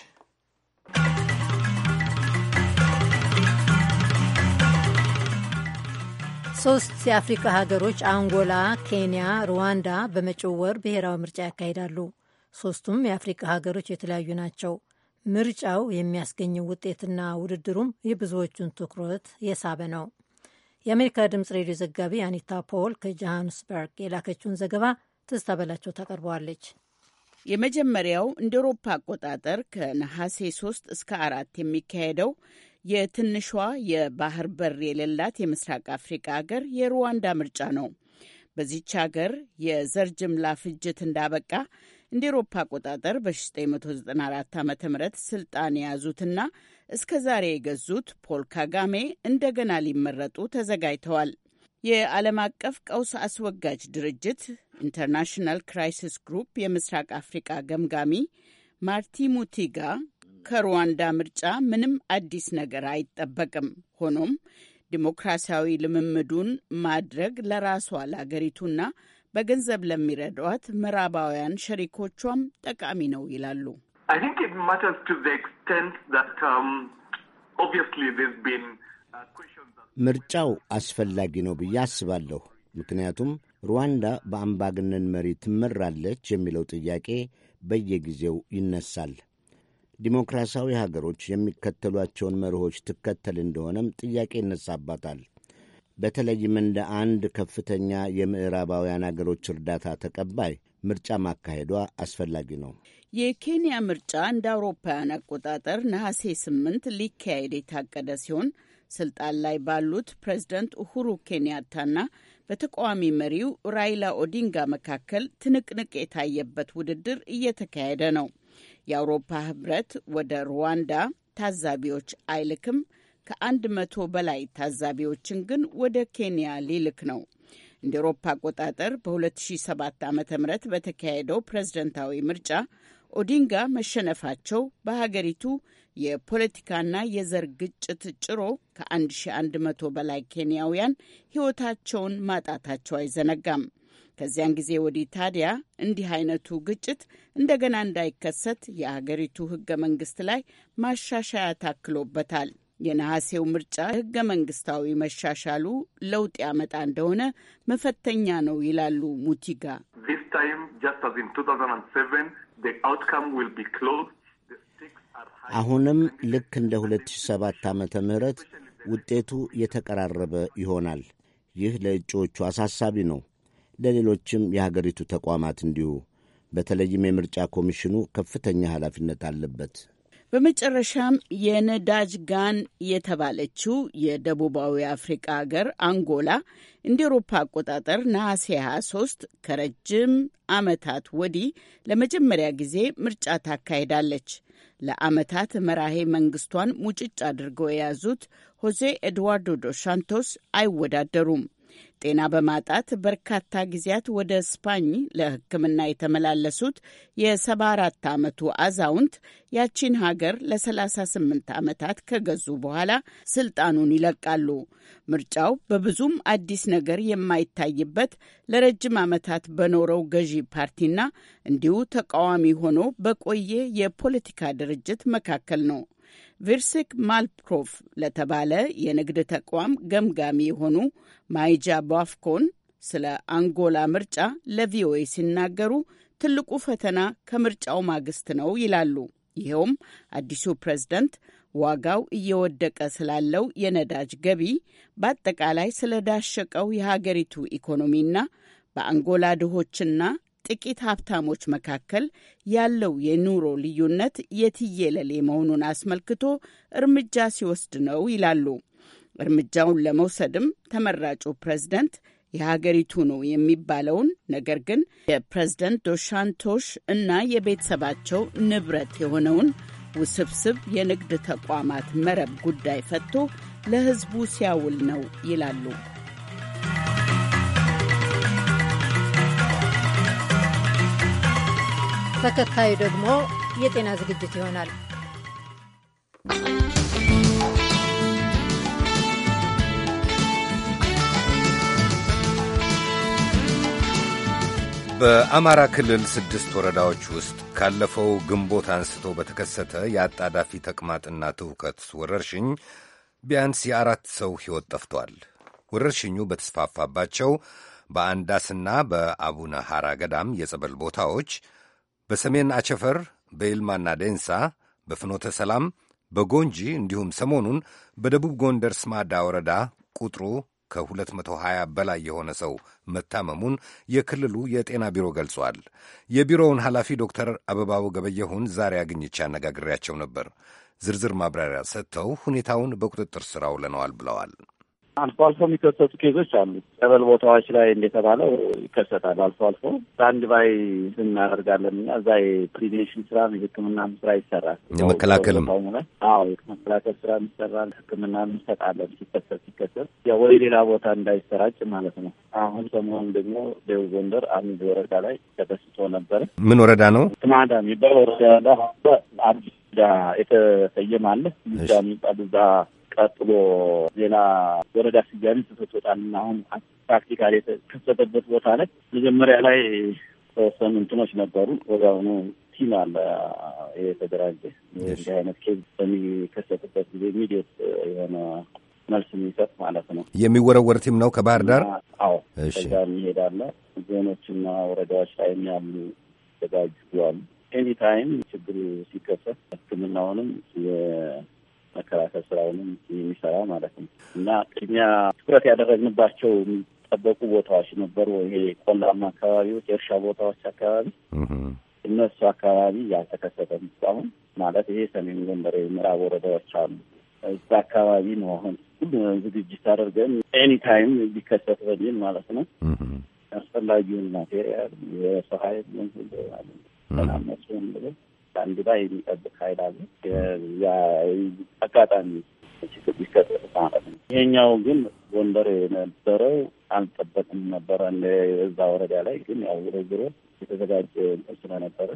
Speaker 1: ሶስት የአፍሪካ ሀገሮች አንጎላ፣ ኬንያ፣ ሩዋንዳ በመጪው ወር ብሔራዊ ምርጫ ያካሂዳሉ። ሶስቱም የአፍሪካ ሀገሮች የተለያዩ ናቸው። ምርጫው የሚያስገኘው ውጤትና ውድድሩም የብዙዎቹን ትኩረት የሳበ ነው። የአሜሪካ ድምፅ ሬዲዮ ዘጋቢ አኒታ ፖል ከጆሃንስበርግ የላከችውን ዘገባ ትዝታ በላቸው
Speaker 11: ታቀርበዋለች። የመጀመሪያው እንደ ኤሮፓ አቆጣጠር ከነሐሴ 3 እስከ አራት የሚካሄደው የትንሿ የባህር በር የሌላት የምስራቅ አፍሪካ ሀገር የሩዋንዳ ምርጫ ነው። በዚች ሀገር የዘር ጅምላ ፍጅት እንዳበቃ እንደ ኤሮፓ አቆጣጠር በ1994 ዓ ም ስልጣን የያዙትና እስከ ዛሬ የገዙት ፖል ካጋሜ እንደገና ሊመረጡ ተዘጋጅተዋል። የዓለም አቀፍ ቀውስ አስወጋጅ ድርጅት ኢንተርናሽናል ክራይሲስ ግሩፕ የምስራቅ አፍሪቃ ገምጋሚ ማርቲ ሙቲጋ ከሩዋንዳ ምርጫ ምንም አዲስ ነገር አይጠበቅም፣ ሆኖም ዲሞክራሲያዊ ልምምዱን ማድረግ ለራሷ ለአገሪቱና በገንዘብ ለሚረዷት ምዕራባውያን ሸሪኮቿም ጠቃሚ ነው ይላሉ።
Speaker 7: um,
Speaker 2: uh,
Speaker 11: ምርጫው
Speaker 4: አስፈላጊ ነው ብዬ አስባለሁ። ምክንያቱም ሩዋንዳ በአምባገነን መሪ ትመራለች የሚለው ጥያቄ በየጊዜው ይነሳል። ዲሞክራሲያዊ ሀገሮች የሚከተሏቸውን መርሆች ትከተል እንደሆነም ጥያቄ ይነሳባታል። በተለይም እንደ አንድ ከፍተኛ የምዕራባውያን አገሮች እርዳታ ተቀባይ ምርጫ ማካሄዷ አስፈላጊ ነው።
Speaker 11: የኬንያ ምርጫ እንደ አውሮፓውያን አቆጣጠር ነሐሴ ስምንት ሊካሄድ የታቀደ ሲሆን ስልጣን ላይ ባሉት ፕሬዝደንት ኡሁሩ ኬንያታና በተቃዋሚ መሪው ራይላ ኦዲንጋ መካከል ትንቅንቅ የታየበት ውድድር እየተካሄደ ነው። የአውሮፓ ህብረት ወደ ሩዋንዳ ታዛቢዎች አይልክም። ከአንድ መቶ በላይ ታዛቢዎችን ግን ወደ ኬንያ ሊልክ ነው። እንደ ኤሮፓ አቆጣጠር በ2007 ዓ ም በተካሄደው ፕሬዝደንታዊ ምርጫ ኦዲንጋ መሸነፋቸው በሀገሪቱ የፖለቲካና የዘር ግጭት ጭሮ ከ1100 በላይ ኬንያውያን ሕይወታቸውን ማጣታቸው አይዘነጋም። ከዚያን ጊዜ ወዲህ ታዲያ እንዲህ አይነቱ ግጭት እንደገና እንዳይከሰት የሀገሪቱ ሕገ መንግስት ላይ ማሻሻያ ታክሎበታል። የነሐሴው ምርጫ ህገ መንግስታዊ መሻሻሉ ለውጥ ያመጣ እንደሆነ መፈተኛ ነው ይላሉ ሙቲጋ።
Speaker 4: አሁንም ልክ እንደ 2007 ዓመተ ምህረት ውጤቱ የተቀራረበ ይሆናል። ይህ ለእጩዎቹ አሳሳቢ ነው፣ ለሌሎችም የሀገሪቱ ተቋማት እንዲሁ። በተለይም የምርጫ ኮሚሽኑ ከፍተኛ ኃላፊነት አለበት።
Speaker 11: በመጨረሻም የነዳጅ ጋን የተባለችው የደቡባዊ አፍሪቃ ሀገር አንጎላ እንደ ኤሮፓ አቆጣጠር ነሐሴ 23 ከረጅም ዓመታት ወዲህ ለመጀመሪያ ጊዜ ምርጫ ታካሂዳለች። ለዓመታት መራሄ መንግስቷን ሙጭጭ አድርገው የያዙት ሆዜ ኤድዋርዶ ዶ አይወዳደሩም። ጤና በማጣት በርካታ ጊዜያት ወደ ስፓኝ ለሕክምና የተመላለሱት የ74 ዓመቱ አዛውንት ያቺን ሀገር ለ38 ዓመታት ከገዙ በኋላ ስልጣኑን ይለቃሉ። ምርጫው በብዙም አዲስ ነገር የማይታይበት ለረጅም ዓመታት በኖረው ገዢ ፓርቲና እንዲሁ ተቃዋሚ ሆኖ በቆየ የፖለቲካ ድርጅት መካከል ነው። ቪርሲክ ማልፕሮቭ ለተባለ የንግድ ተቋም ገምጋሚ የሆኑ ማይጃ ቧፍኮን ስለ አንጎላ ምርጫ ለቪኦኤ ሲናገሩ ትልቁ ፈተና ከምርጫው ማግስት ነው ይላሉ። ይኸውም አዲሱ ፕሬዝደንት ዋጋው እየወደቀ ስላለው የነዳጅ ገቢ፣ በአጠቃላይ ስለዳሸቀው የሀገሪቱ ኢኮኖሚና በአንጎላ ድሆችና ጥቂት ሀብታሞች መካከል ያለው የኑሮ ልዩነት የትየለሌ መሆኑን አስመልክቶ እርምጃ ሲወስድ ነው ይላሉ። እርምጃውን ለመውሰድም ተመራጩ ፕሬዝደንት የሀገሪቱ ነው የሚባለውን ነገር ግን የፕሬዝደንት ዶሻንቶሽ እና የቤተሰባቸው ንብረት የሆነውን ውስብስብ የንግድ ተቋማት መረብ ጉዳይ ፈቶ ለሕዝቡ ሲያውል ነው ይላሉ።
Speaker 1: ተከታዩ ደግሞ የጤና ዝግጅት ይሆናል።
Speaker 2: በአማራ ክልል ስድስት ወረዳዎች ውስጥ ካለፈው ግንቦት አንስቶ በተከሰተ የአጣዳፊ ተቅማጥና ትውከት ወረርሽኝ ቢያንስ የአራት ሰው ሕይወት ጠፍቷል። ወረርሽኙ በተስፋፋባቸው በአንዳስና በአቡነ ሐራ ገዳም የጸበል ቦታዎች በሰሜን አቸፈር፣ በይልማና ዴንሳ፣ በፍኖተ ሰላም፣ በጎንጂ እንዲሁም ሰሞኑን በደቡብ ጎንደር ስማዳ ወረዳ ቁጥሩ ከ220 በላይ የሆነ ሰው መታመሙን የክልሉ የጤና ቢሮ ገልጿል። የቢሮውን ኃላፊ ዶክተር አበባው ገበየሁን ዛሬ አግኝቼ አነጋግሬያቸው ነበር። ዝርዝር ማብራሪያ ሰጥተው ሁኔታውን በቁጥጥር ስር አውለነዋል ብለዋል። አልፎ አልፎ የሚከሰቱ
Speaker 3: ኬዞች አሉ። ጸበል ቦታዎች ላይ እንደተባለው ይከሰታል። አልፎ አልፎ በአንድ ባይ እናደርጋለን እና እዛ የፕሪቬንሽን ስራ የህክምና ስራ ይሰራል። የመከላከልም አዎ የመከላከል ስራ ይሰራል። ህክምና እንሰጣለን ሲከሰት ሲከሰት ወይ ሌላ ቦታ እንዳይሰራጭ ማለት ነው። አሁን ሰሞኑን ደግሞ ደቡብ ጎንደር አንድ ወረዳ ላይ ተከስቶ ነበረ። ምን ወረዳ ነው? ትማዳ የሚባል ወረዳ አዲስ የተሰየማለ ሚባል እዛ ቀጥሎ ሌላ ወረዳ ስያሜ ስትወጣልና አሁን ፕራክቲካል የተከሰተበት ቦታ ላይ መጀመሪያ ላይ ተወሰኑ እንትኖች ነበሩ። ወዲያውኑ ቲም አለ የተደራጀ እንዲህ አይነት ኬዝ በሚከሰትበት ጊዜ ኢሚዲየት የሆነ መልስ የሚሰጥ ማለት ነው።
Speaker 2: የሚወረወር ቲም ነው ከባህር ዳር።
Speaker 3: አዎ ከዛ የሚሄዳለ ዞኖችና ወረዳዎች ላይ የሚያሉ ተዘጋጅ ዋሉ ኤኒታይም ችግሩ ሲከሰት ሕክምናውንም መከላከል ስራውንም የሚሰራ ማለት ነው እና ቅድሚያ ትኩረት ያደረግንባቸው የሚጠበቁ ቦታዎች ነበሩ። ይሄ ቆላማ አካባቢዎች፣ የእርሻ ቦታዎች አካባቢ እነሱ አካባቢ ያልተከሰተም እስካሁን ማለት ይሄ ሰሜን ጎንደር የምዕራብ ወረዳዎች አሉ። እዛ አካባቢ ነው አሁን ዝግጅት አድርገን ኤኒ ታይም ሊከሰት በሚል ማለት ነው አስፈላጊውን ማቴሪያል የሰው ኃይል ምናምን ባንዲራ የሚጠብቅ ኃይል አለ። አጋጣሚ ችግር ሊከሰት ማለት ነው። ይሄኛው ግን ጎንደር የነበረው አልጠበቅም ነበረ እዛ ወረዳ ላይ ግን ያው ዝሮ ዝሮ የተዘጋጀ እንትን ስለነበረ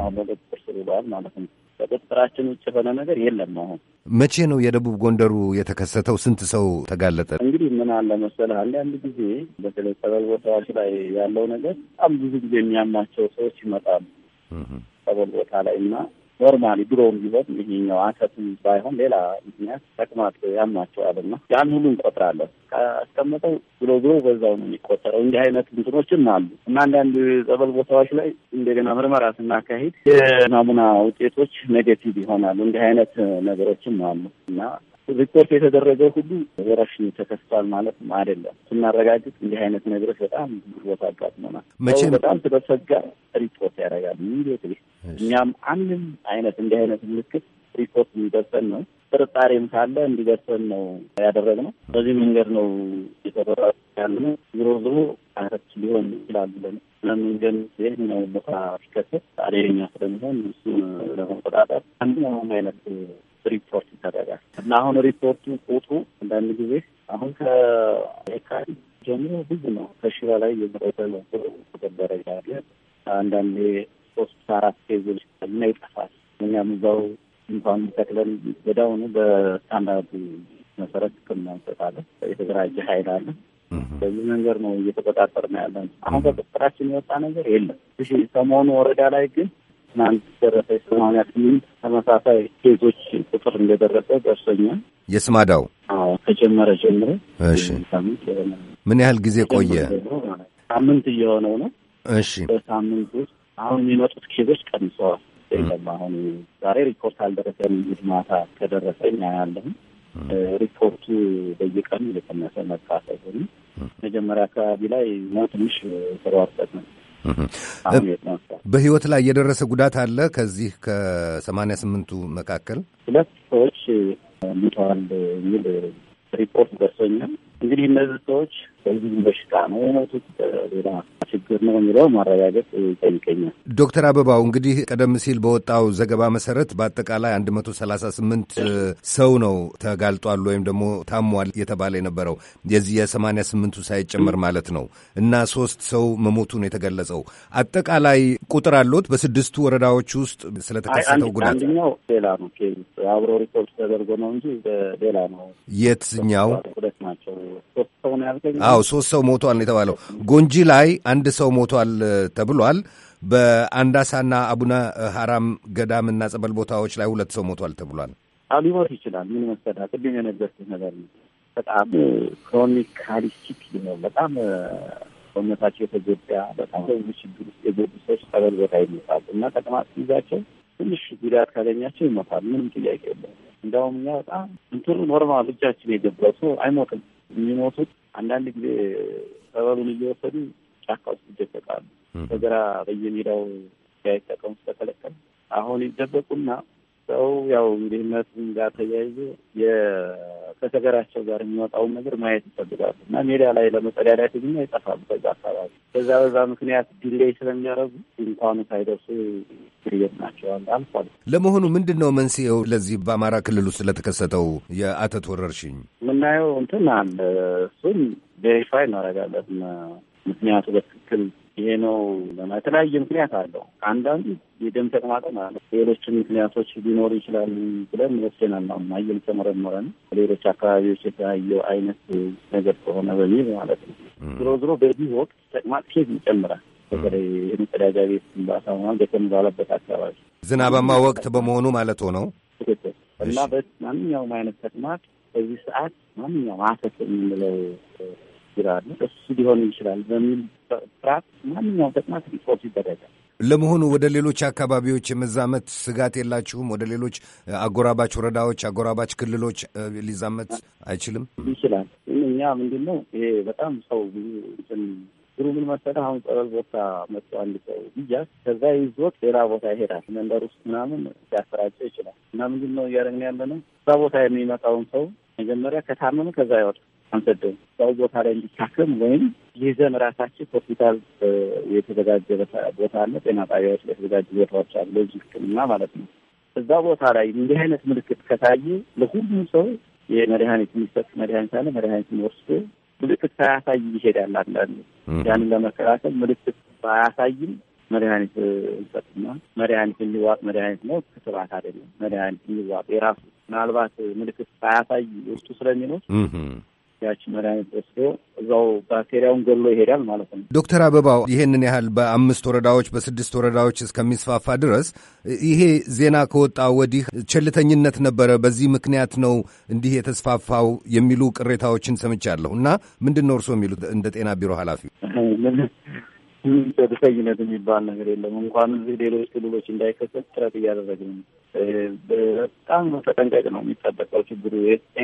Speaker 3: አሁን በቁጥጥር ስር ውለዋል ማለት ነው። በቁጥጥራችን ውጭ የሆነ ነገር የለም። አሁን
Speaker 2: መቼ ነው የደቡብ ጎንደሩ የተከሰተው? ስንት ሰው ተጋለጠ?
Speaker 3: እንግዲህ ምን አለ መሰለህ አንዳንድ ጊዜ በተለይ ጸበል ቦታዎች ላይ ያለው ነገር በጣም ብዙ ጊዜ የሚያማቸው ሰዎች ይመጣሉ ጸበል ቦታ ላይ እና ኖርማሊ ድሮውም ቢሆን ይሄኛው አተትም ባይሆን ሌላ ምክንያት ተቅማጥ ያማቸዋል እና ያን ሁሉ እንቆጥራለን። ካስቀመጠው ብሎ ብሎ በዛው ነው የሚቆጠረው። እንዲህ አይነት እንትኖችም አሉ እና አንዳንድ ጸበል ቦታዎች ላይ እንደገና ምርመራ ስናካሂድ የናሙና ውጤቶች ኔጌቲቭ ይሆናሉ። እንዲህ አይነት ነገሮችም አሉ እና ሪፖርት የተደረገ ሁሉ ወረርሽ ተከስቷል ማለት አይደለም። ስናረጋግጥ እንዲህ አይነት ነገሮች በጣም ቦታ አጋጥሞናል። በጣም ስለሰጋ ሪፖርት ያደርጋል ሚሊዮት እኛም አንድም አይነት እንዲህ አይነት ምልክት ሪፖርት የሚደርሰን ነው። ጥርጣሬም ካለ እንዲደርሰን ነው ያደረግነው። በዚህ መንገድ ነው የተበራ ያለ ዝሮ ዝሮ አረች ሊሆን ይችላል ብለን ለምንገን ይህኛው ቦታ ሲከሰት አደገኛ ስለሚሆን እሱን ለመቆጣጠር አንድ አንዱ አይነት ሪፖርት ይደረጋል እና አሁን ሪፖርቱ ቁጡ አንዳንድ ጊዜ አሁን ከካሪ ጀምሮ ብዙ ነው። ከሺ በላይ የመረጠ ተገበረ ያለ አንዳንዴ ሶስት አራት ፌዞች እና ይጠፋል። እኛም እዛው እንኳን ተክለን ወዳውኑ በስታንዳርዱ መሰረት ሕክምና እንሰጣለን። የተደራጀ ኃይል አለ። በዚህ መንገድ ነው እየተቆጣጠር ነው ያለን። አሁን ከቁጥጥራችን የወጣ ነገር የለም። ሰሞኑ ወረዳ ላይ ግን ትናንት ደረሰ የሰማንያ ስምንት ተመሳሳይ ኬዞች ቁጥር እንደደረሰ ደርሶኛል። የስማዳው አዎ ከጀመረ ጀምሮ ሳምንት
Speaker 2: ምን ያህል ጊዜ ቆየ?
Speaker 3: ሳምንት እየሆነው ነው። እሺ በሳምንት ውስጥ አሁን የሚመጡት ኬዞች ቀንሰዋል። የለም አሁን ዛሬ ሪፖርት አልደረሰም። እንግዲህ ማታ ከደረሰኝ አያለሁም። ሪፖርቱ በየቀኑ እየቀነሰ መጣ። መጀመሪያ አካባቢ ላይ ና ትንሽ ተሯርጠት ነው
Speaker 2: በህይወት ላይ የደረሰ ጉዳት አለ? ከዚህ ከሰማንያ ስምንቱ መካከል
Speaker 3: ሁለት ሰዎች ሙተዋል የሚል ሪፖርት ደርሶኛል። እንግዲህ እነዚህ ሰዎች በዚህ በሽታ ነው የሞቱት፣ ሌላ ችግር ነው የሚለው ማረጋገጥ
Speaker 2: ይጠይቀኛል። ዶክተር አበባው እንግዲህ ቀደም ሲል በወጣው ዘገባ መሰረት በአጠቃላይ አንድ መቶ ሰላሳ ስምንት ሰው ነው ተጋልጧል ወይም ደግሞ ታሟል የተባለ የነበረው የዚህ የሰማንያ ስምንቱ ሳይጨመር ማለት ነው እና ሶስት ሰው መሞቱን የተገለጸው አጠቃላይ ቁጥር አለት በስድስቱ ወረዳዎች ውስጥ ስለተከሰተው ጉዳት
Speaker 3: አንደኛው ሌላ ነው አብሮ ሪፖርት ተደርጎ ነው እንጂ ሌላ ነው።
Speaker 2: የትኛው
Speaker 3: ሁለት ናቸው ሶስት ሰው ነው ያልከኝ አዎ ሶስት
Speaker 2: ሰው ሞቷል ነው የተባለው። ጎንጂ ላይ አንድ ሰው ሞቷል ተብሏል። በአንዳሳና አቡነ ሀራም ገዳምና ጸበል ቦታዎች ላይ ሁለት ሰው ሞቷል ተብሏል።
Speaker 3: አዎ ሊሞት ይችላል። ምን መሰዳ ቅድም የነገርኩህ ነገር ነው። በጣም ክሮኒካሊ ሲክ ነው። በጣም ሰውነታቸው የተጎዳ በጣም በብዙ ችግር ውስጥ የጎዱ ሰዎች ጸበል ቦታ ይሞታሉ እና ተቅማጥ ይዛቸው ትንሽ ጉዳት ካገኛቸው ይመጣል። ምንም ጥያቄ የለም። እንደውም እኛ በጣም እንትኑ ኖርማል እጃችን የገባው ሰው አይሞትም። የሚሞቱት አንዳንድ ጊዜ ሰበሉን እየወሰዱ ጫካ ውስጥ ይደበቃሉ። በግራ በየሜዳው እንዳይጠቀሙ ስለተለቀለ አሁን ይደበቁና ሰው ያው እንግዲህ እነሱም ጋር ተያይዞ ከተገራቸው ጋር የሚወጣውን ነገር ማየት ይፈልጋሉ እና ሜዳ ላይ ለመጠዳዳት ግ ይጠፋሉ። በዛ አካባቢ በዛ በዛ ምክንያት ዲሌይ ስለሚያደርጉ እንኳኑ ሳይደርሱ ግርየት ናቸዋል አልፏል።
Speaker 2: ለመሆኑ ምንድን ነው መንስኤው ለዚህ በአማራ ክልል ውስጥ ለተከሰተው የአተት ወረርሽኝ?
Speaker 3: የምናየው እንትን አለ። እሱም ቬሪፋይ እናደርጋለን ምክንያቱ በትክክል ይሄ ነው የተለያየ ምክንያት አለው። አንዳንዱ የደም ተቅማጠም ማለት ሌሎችም ምክንያቶች ሊኖሩ ይችላሉ ብለን ወስደናል። ነው አየን ተመረመረን ሌሎች አካባቢዎች የተለያየ አይነት ነገር ከሆነ
Speaker 2: በሚል ማለት ነው።
Speaker 3: ዝሮ ዝሮ በዚህ ወቅት ተቅማጥ ሴት ይጨምራል። በተለይ የመጸዳጃ
Speaker 2: ቤት ግንባታ ሆኗል ደከም ባለበት
Speaker 3: አካባቢ ዝናባማ ወቅት በመሆኑ
Speaker 2: ማለት ሆነው ትክክል
Speaker 12: እና
Speaker 3: በማንኛውም አይነት ተቅማጥ በዚህ ሰዓት ማንኛውም አተት የምንለው
Speaker 12: ችግር
Speaker 3: አለ እሱ ሊሆን ይችላል በሚል ጥራት ማንኛውም ተቅማጥ ሪፖርት ይደረጋል።
Speaker 2: ለመሆኑ ወደ ሌሎች አካባቢዎች የመዛመት ስጋት የላችሁም? ወደ ሌሎች አጎራባች ወረዳዎች፣ አጎራባች ክልሎች ሊዛመት አይችልም? ይችላል።
Speaker 3: እኛ ምንድን ነው ይሄ በጣም ሰው ብዙ ምን መሰለህ? አሁን ጸበል ቦታ መጥቶ አንድ ሰው ብያዝ ከዛ ይዞት ሌላ ቦታ ይሄዳል። መንደር ውስጥ ምናምን ሊያሰራጨው ይችላል። እና ምንድን ነው እያደረግን ያለ ነው? እዛ ቦታ የሚመጣውን ሰው መጀመሪያ ከታመመ ከዛ ይወጣል። አንሰደውም። ሰው ቦታ ላይ እንዲታከም ወይም ይዘን ራሳችን ሆስፒታል የተዘጋጀ ቦታ አለ፣ ጤና ጣቢያዎች ላይ የተዘጋጀ ቦታዎች አሉ፣ ለዚህ ሕክምና ማለት ነው። እዛ ቦታ ላይ እንዲህ አይነት ምልክት ከታየ ለሁሉም ሰው የመድኃኒት የሚሰጥ መድኃኒት አለ። መድኃኒትን ወስዶ ምልክት ሳያሳይ ይሄዳል። አንዳንዱ ያንን ለመከላከል ምልክት ሳያሳይም መድኃኒት እንሰጥና መድኃኒት የሚዋጥ መድኃኒት ነው፣ ክትባት አይደለም። መድኃኒት የሚዋጥ የራሱ ምናልባት ምልክት ሳያሳይ ውስጡ ስለሚኖር ያች መድኃኒት ወስዶ እዛው ባክቴሪያውን ገሎ ይሄዳል ማለት ነው።
Speaker 2: ዶክተር አበባው ይሄንን ያህል በአምስት ወረዳዎች በስድስት ወረዳዎች እስከሚስፋፋ ድረስ ይሄ ዜና ከወጣ ወዲህ ቸልተኝነት ነበረ፣ በዚህ ምክንያት ነው እንዲህ የተስፋፋው የሚሉ ቅሬታዎችን ሰምቻለሁ። እና ምንድን ነው እርስዎ የሚሉት እንደ ጤና ቢሮ ኃላፊ?
Speaker 3: ቸልተኝነት የሚባል ነገር የለም። እንኳን እዚህ ሌሎች ክልሎች እንዳይከሰት ጥረት እያደረግን ነው በጣም ተጠንቀቅ ነው የሚጠበቀው። ችግሩ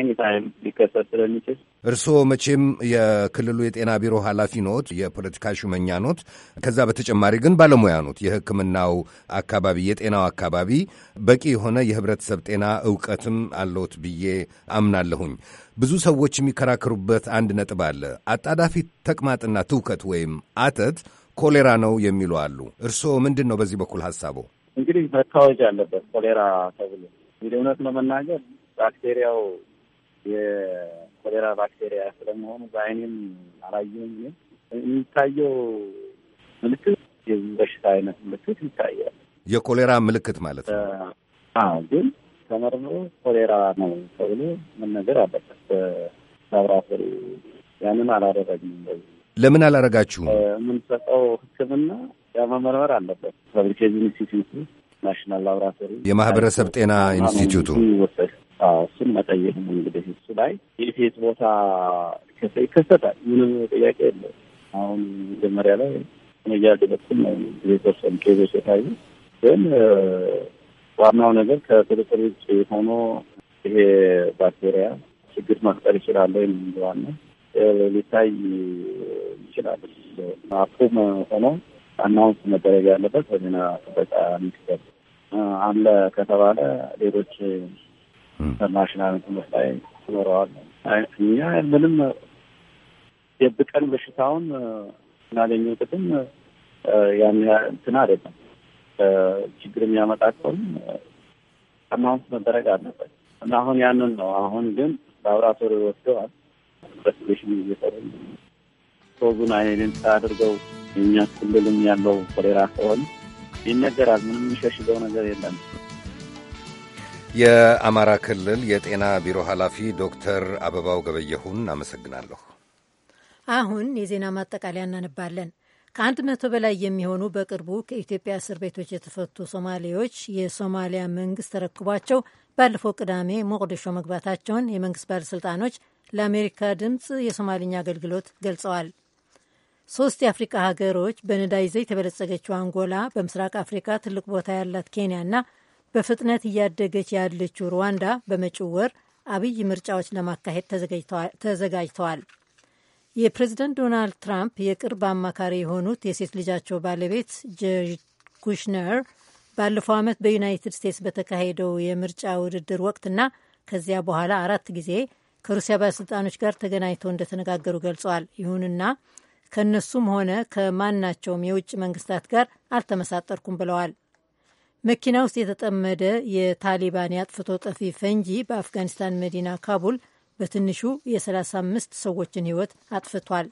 Speaker 3: ኤኒ ታይም ሊከሰት ስለሚችል
Speaker 2: እርስዎ መቼም የክልሉ የጤና ቢሮ ኃላፊ ኖት፣ የፖለቲካ ሹመኛ ኖት። ከዛ በተጨማሪ ግን ባለሙያ ኖት። የሕክምናው አካባቢ የጤናው አካባቢ በቂ የሆነ የህብረተሰብ ጤና እውቀትም አለዎት ብዬ አምናለሁኝ። ብዙ ሰዎች የሚከራከሩበት አንድ ነጥብ አለ። አጣዳፊ ተቅማጥና ትውከት ወይም አተት ኮሌራ ነው የሚሉ አሉ። እርስዎ ምንድን ነው በዚህ በኩል ሀሳቡ?
Speaker 3: እንግዲህ መታወጅ አለበት ኮሌራ ተብሎ እንግዲህ እውነት ለመናገር ባክቴሪያው የኮሌራ ባክቴሪያ ስለመሆኑ በአይኔም አላየሁም። የሚታየው ምልክት የዚህ በሽታ አይነት ምልክት ይታያል።
Speaker 2: የኮሌራ ምልክት ማለት
Speaker 3: ነው። ግን ተመርምሮ ኮሌራ ነው ተብሎ መነገር
Speaker 2: አለበት በላብራቶሪ።
Speaker 3: ያንን አላደረግም።
Speaker 2: ለምን አላረጋችሁም?
Speaker 3: የምንሰጠው ሕክምና ኢትዮጵያ መመርመር አለበት። በብሪኬዝ ኢንስቲትዩቱ ናሽናል ላብራቶሪ፣ የማህበረሰብ
Speaker 2: ጤና ኢንስቲትዩቱ
Speaker 3: እሱን መጠየቅ እንግዲህ እሱ ላይ የሴት ቦታ ይከሰታል። ምንም ጥያቄ የለ። አሁን መጀመሪያ ላይ መያድ በኩል ነው የተወሰኑ ኬዞች የታዩ ግን ዋናው ነገር ከቁጥጥር ውጭ ሆኖ ይሄ ባክቴሪያ ችግር መፍጠር ይችላል ወይም ዋና ሊታይ ይችላል አፕሩቭ ሆኖ አናውንስ መደረግ ያለበት በዜና ጥበቃ ሚኒስቴር አለ ከተባለ ሌሎች ኢንተርናሽናል ትምህርት ላይ ይኖረዋል። እኛ ምንም የብቀን በሽታውን እናገኘው ጥቅም ያን እንትን አይደለም። ችግር የሚያመጣቸውም አናውንስ መደረግ አለበት እና አሁን ያንን ነው። አሁን ግን ላብራቶሪ ወስደዋል። ኢንቨስቲጌሽን እየሰሩ ሶዙን አይንን አድርገው የእኛ ክልልም ያለው ኮሌራ ከሆነ ይነገራል። ምንም የሚሸሽገው ነገር የለም።
Speaker 2: የአማራ ክልል የጤና ቢሮ ኃላፊ ዶክተር አበባው ገበየሁን አመሰግናለሁ።
Speaker 1: አሁን የዜና ማጠቃለያ እናነባለን። ከአንድ መቶ በላይ የሚሆኑ በቅርቡ ከኢትዮጵያ እስር ቤቶች የተፈቱ ሶማሌዎች የሶማሊያ መንግስት ተረክቧቸው ባለፈው ቅዳሜ ሞቅዲሾ መግባታቸውን የመንግስት ባለሥልጣኖች ለአሜሪካ ድምፅ የሶማሊኛ አገልግሎት ገልጸዋል። ሶስት የአፍሪካ ሀገሮች በነዳጅ ዘይት የበለጸገችው አንጎላ፣ በምስራቅ አፍሪካ ትልቅ ቦታ ያላት ኬንያና በፍጥነት እያደገች ያለችው ሩዋንዳ በመጪው ወር አብይ ምርጫዎች ለማካሄድ ተዘጋጅተዋል። የፕሬዝደንት ዶናልድ ትራምፕ የቅርብ አማካሪ የሆኑት የሴት ልጃቸው ባለቤት ጀርጅ ኩሽነር ባለፈው ዓመት በዩናይትድ ስቴትስ በተካሄደው የምርጫ ውድድር ወቅትና ከዚያ በኋላ አራት ጊዜ ከሩሲያ ባለሥልጣኖች ጋር ተገናኝተው እንደተነጋገሩ ገልጸዋል። ይሁንና ከእነሱም ሆነ ከማናቸውም የውጭ መንግስታት ጋር አልተመሳጠርኩም ብለዋል። መኪና ውስጥ የተጠመደ የታሊባን የአጥፍቶ ጠፊ ፈንጂ በአፍጋኒስታን መዲና ካቡል በትንሹ የ35 ሰዎችን ህይወት አጥፍቷል።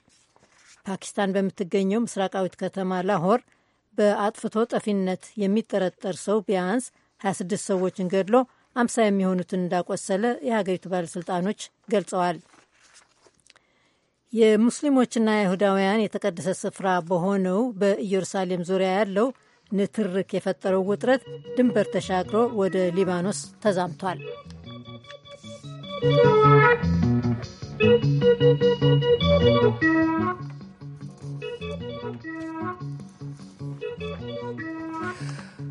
Speaker 1: ፓኪስታን በምትገኘው ምስራቃዊት ከተማ ላሆር በአጥፍቶ ጠፊነት የሚጠረጠር ሰው ቢያንስ 26 ሰዎችን ገድሎ አምሳ የሚሆኑትን እንዳቆሰለ የሀገሪቱ ባለሥልጣኖች ገልጸዋል። የሙስሊሞችና አይሁዳውያን የተቀደሰ ስፍራ በሆነው በኢየሩሳሌም ዙሪያ ያለው ንትርክ የፈጠረው ውጥረት ድንበር ተሻግሮ ወደ ሊባኖስ ተዛምቷል።